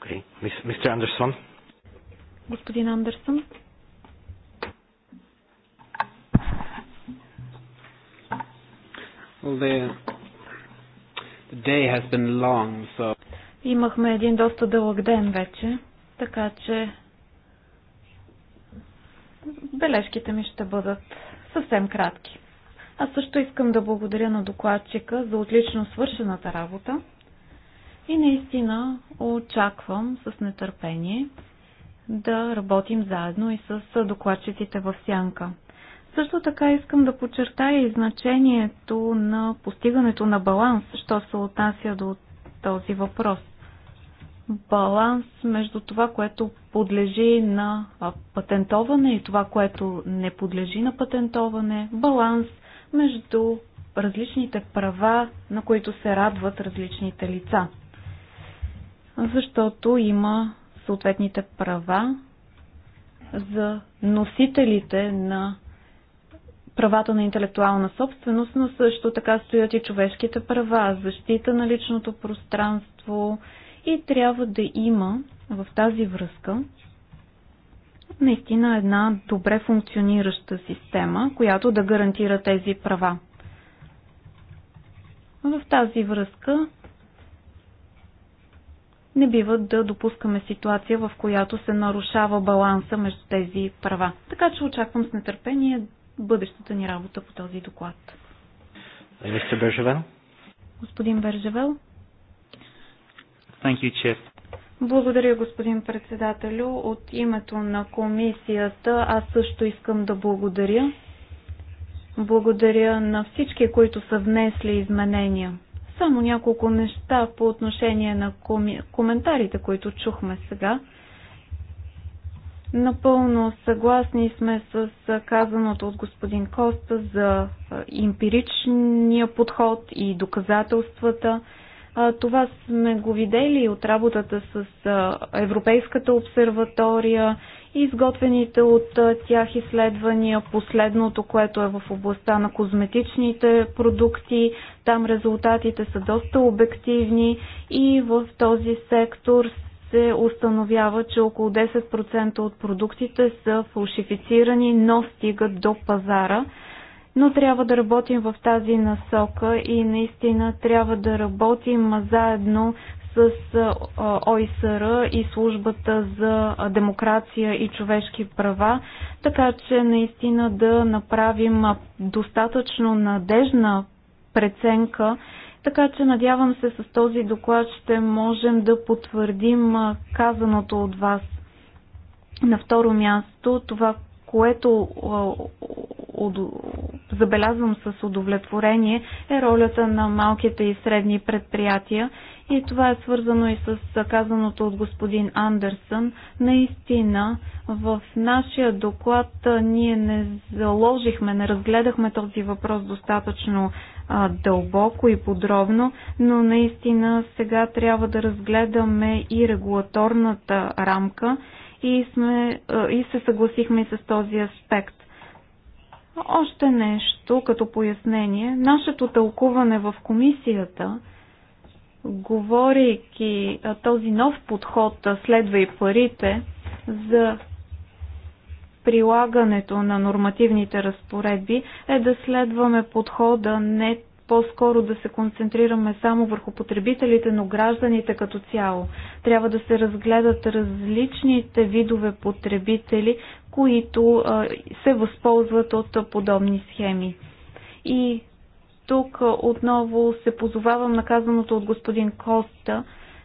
Okay. Mr. Anderson. Господин Андерсон. Well, the, the day has been long, so... Имахме един доста дълъг ден вече, така че бележките ми ще бъдат съвсем кратки. Аз също искам да благодаря на докладчика за отлично свършената работа. И наистина очаквам с нетърпение да работим заедно и с докладчиците в сянка. Също така искам да подчертая и значението на постигането на баланс, що се отнася до този въпрос. Баланс между това, което подлежи на патентоване и това, което не подлежи на патентоване. Баланс между различните права, на които се радват различните лица защото има съответните права за носителите на правата на интелектуална собственост, но също така стоят и човешките права, защита на личното пространство и трябва да има в тази връзка наистина една добре функционираща система, която да гарантира тези права. В тази връзка не бива да допускаме ситуация, в която се нарушава баланса между тези права. Така че очаквам с нетърпение бъдещата ни работа по този доклад. Е, мистер Бержевел. Господин Бержевел. Thank you, Chief. Благодаря, господин председателю. От името на комисията аз също искам да благодаря. Благодаря на всички, които са внесли изменения. Само няколко неща по отношение на коми... коментарите, които чухме сега. Напълно съгласни сме с казаното от господин Коста за емпиричния подход и доказателствата. Това сме го видели от работата с Европейската обсерватория изготвените от тях изследвания. Последното, което е в областта на козметичните продукти, там резултатите са доста обективни и в този сектор се установява, че около 10% от продуктите са фалшифицирани, но стигат до пазара. Но трябва да работим в тази насока и наистина трябва да работим заедно с ОИСР и службата за демокрация и човешки права, така че наистина да направим достатъчно надежна преценка така че надявам се с този доклад ще можем да потвърдим казаното от вас. На второ място, това, което забелязвам с удовлетворение е ролята на малките и средни предприятия. И това е свързано и с казаното от господин Андерсън. Наистина, в нашия доклад ние не заложихме, не разгледахме този въпрос достатъчно а, дълбоко и подробно, но наистина сега трябва да разгледаме и регулаторната рамка и, сме, а, и се съгласихме и с този аспект. Още нещо като пояснение. Нашето тълкуване в комисията – говорейки този нов подход следва и парите за прилагането на нормативните разпоредби е да следваме подхода не по-скоро да се концентрираме само върху потребителите, но гражданите като цяло. Трябва да се разгледат различните видове потребители, които се възползват от подобни схеми. И тук отново се позовавам на казаното от господин Коста.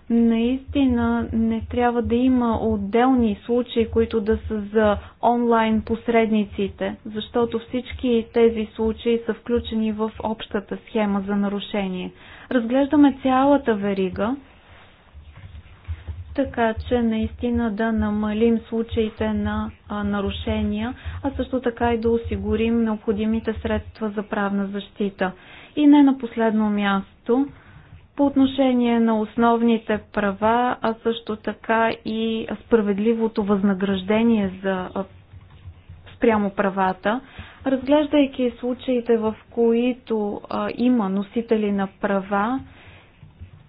Наистина не трябва да има отделни случаи, които да са за онлайн посредниците, защото всички тези случаи са включени в общата схема за нарушение. Разглеждаме цялата верига така че наистина да намалим случаите на а, нарушения, а също така и да осигурим необходимите средства за правна защита. И не на последно място, по отношение на основните права, а също така и справедливото възнаграждение за спрямо правата, разглеждайки случаите, в които а, има носители на права,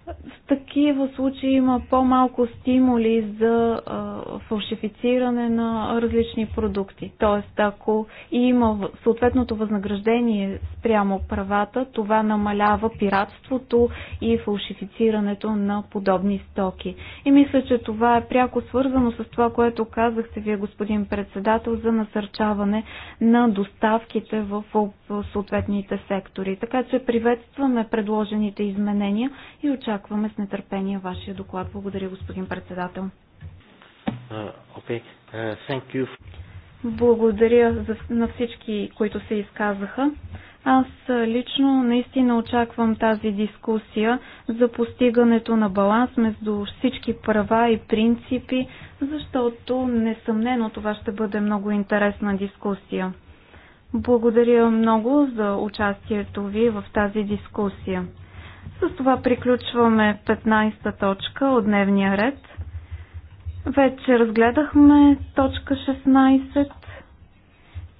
в такива случаи има по-малко стимули за а, фалшифициране на различни продукти. Тоест, ако има съответното възнаграждение спрямо правата, това намалява пиратството и фалшифицирането на подобни стоки. И мисля, че това е пряко свързано с това, което казахте вие, господин председател, за насърчаване на доставките в, в съответните сектори. Така че приветстваме предложените изменения и очакваме Очакваме с нетърпение вашия доклад. Благодаря, господин председател. Uh, okay. uh, thank you. Благодаря за, на всички, които се изказаха. Аз лично наистина очаквам тази дискусия за постигането на баланс между всички права и принципи, защото несъмнено това ще бъде много интересна дискусия. Благодаря много за участието ви в тази дискусия. С това приключваме 15-та точка от дневния ред. Вече разгледахме точка 16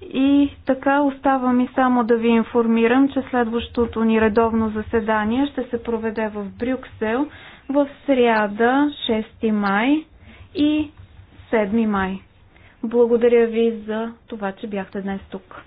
и така остава ми само да ви информирам, че следващото ни редовно заседание ще се проведе в Брюксел в сряда 6 май и 7 май. Благодаря ви за това, че бяхте днес тук.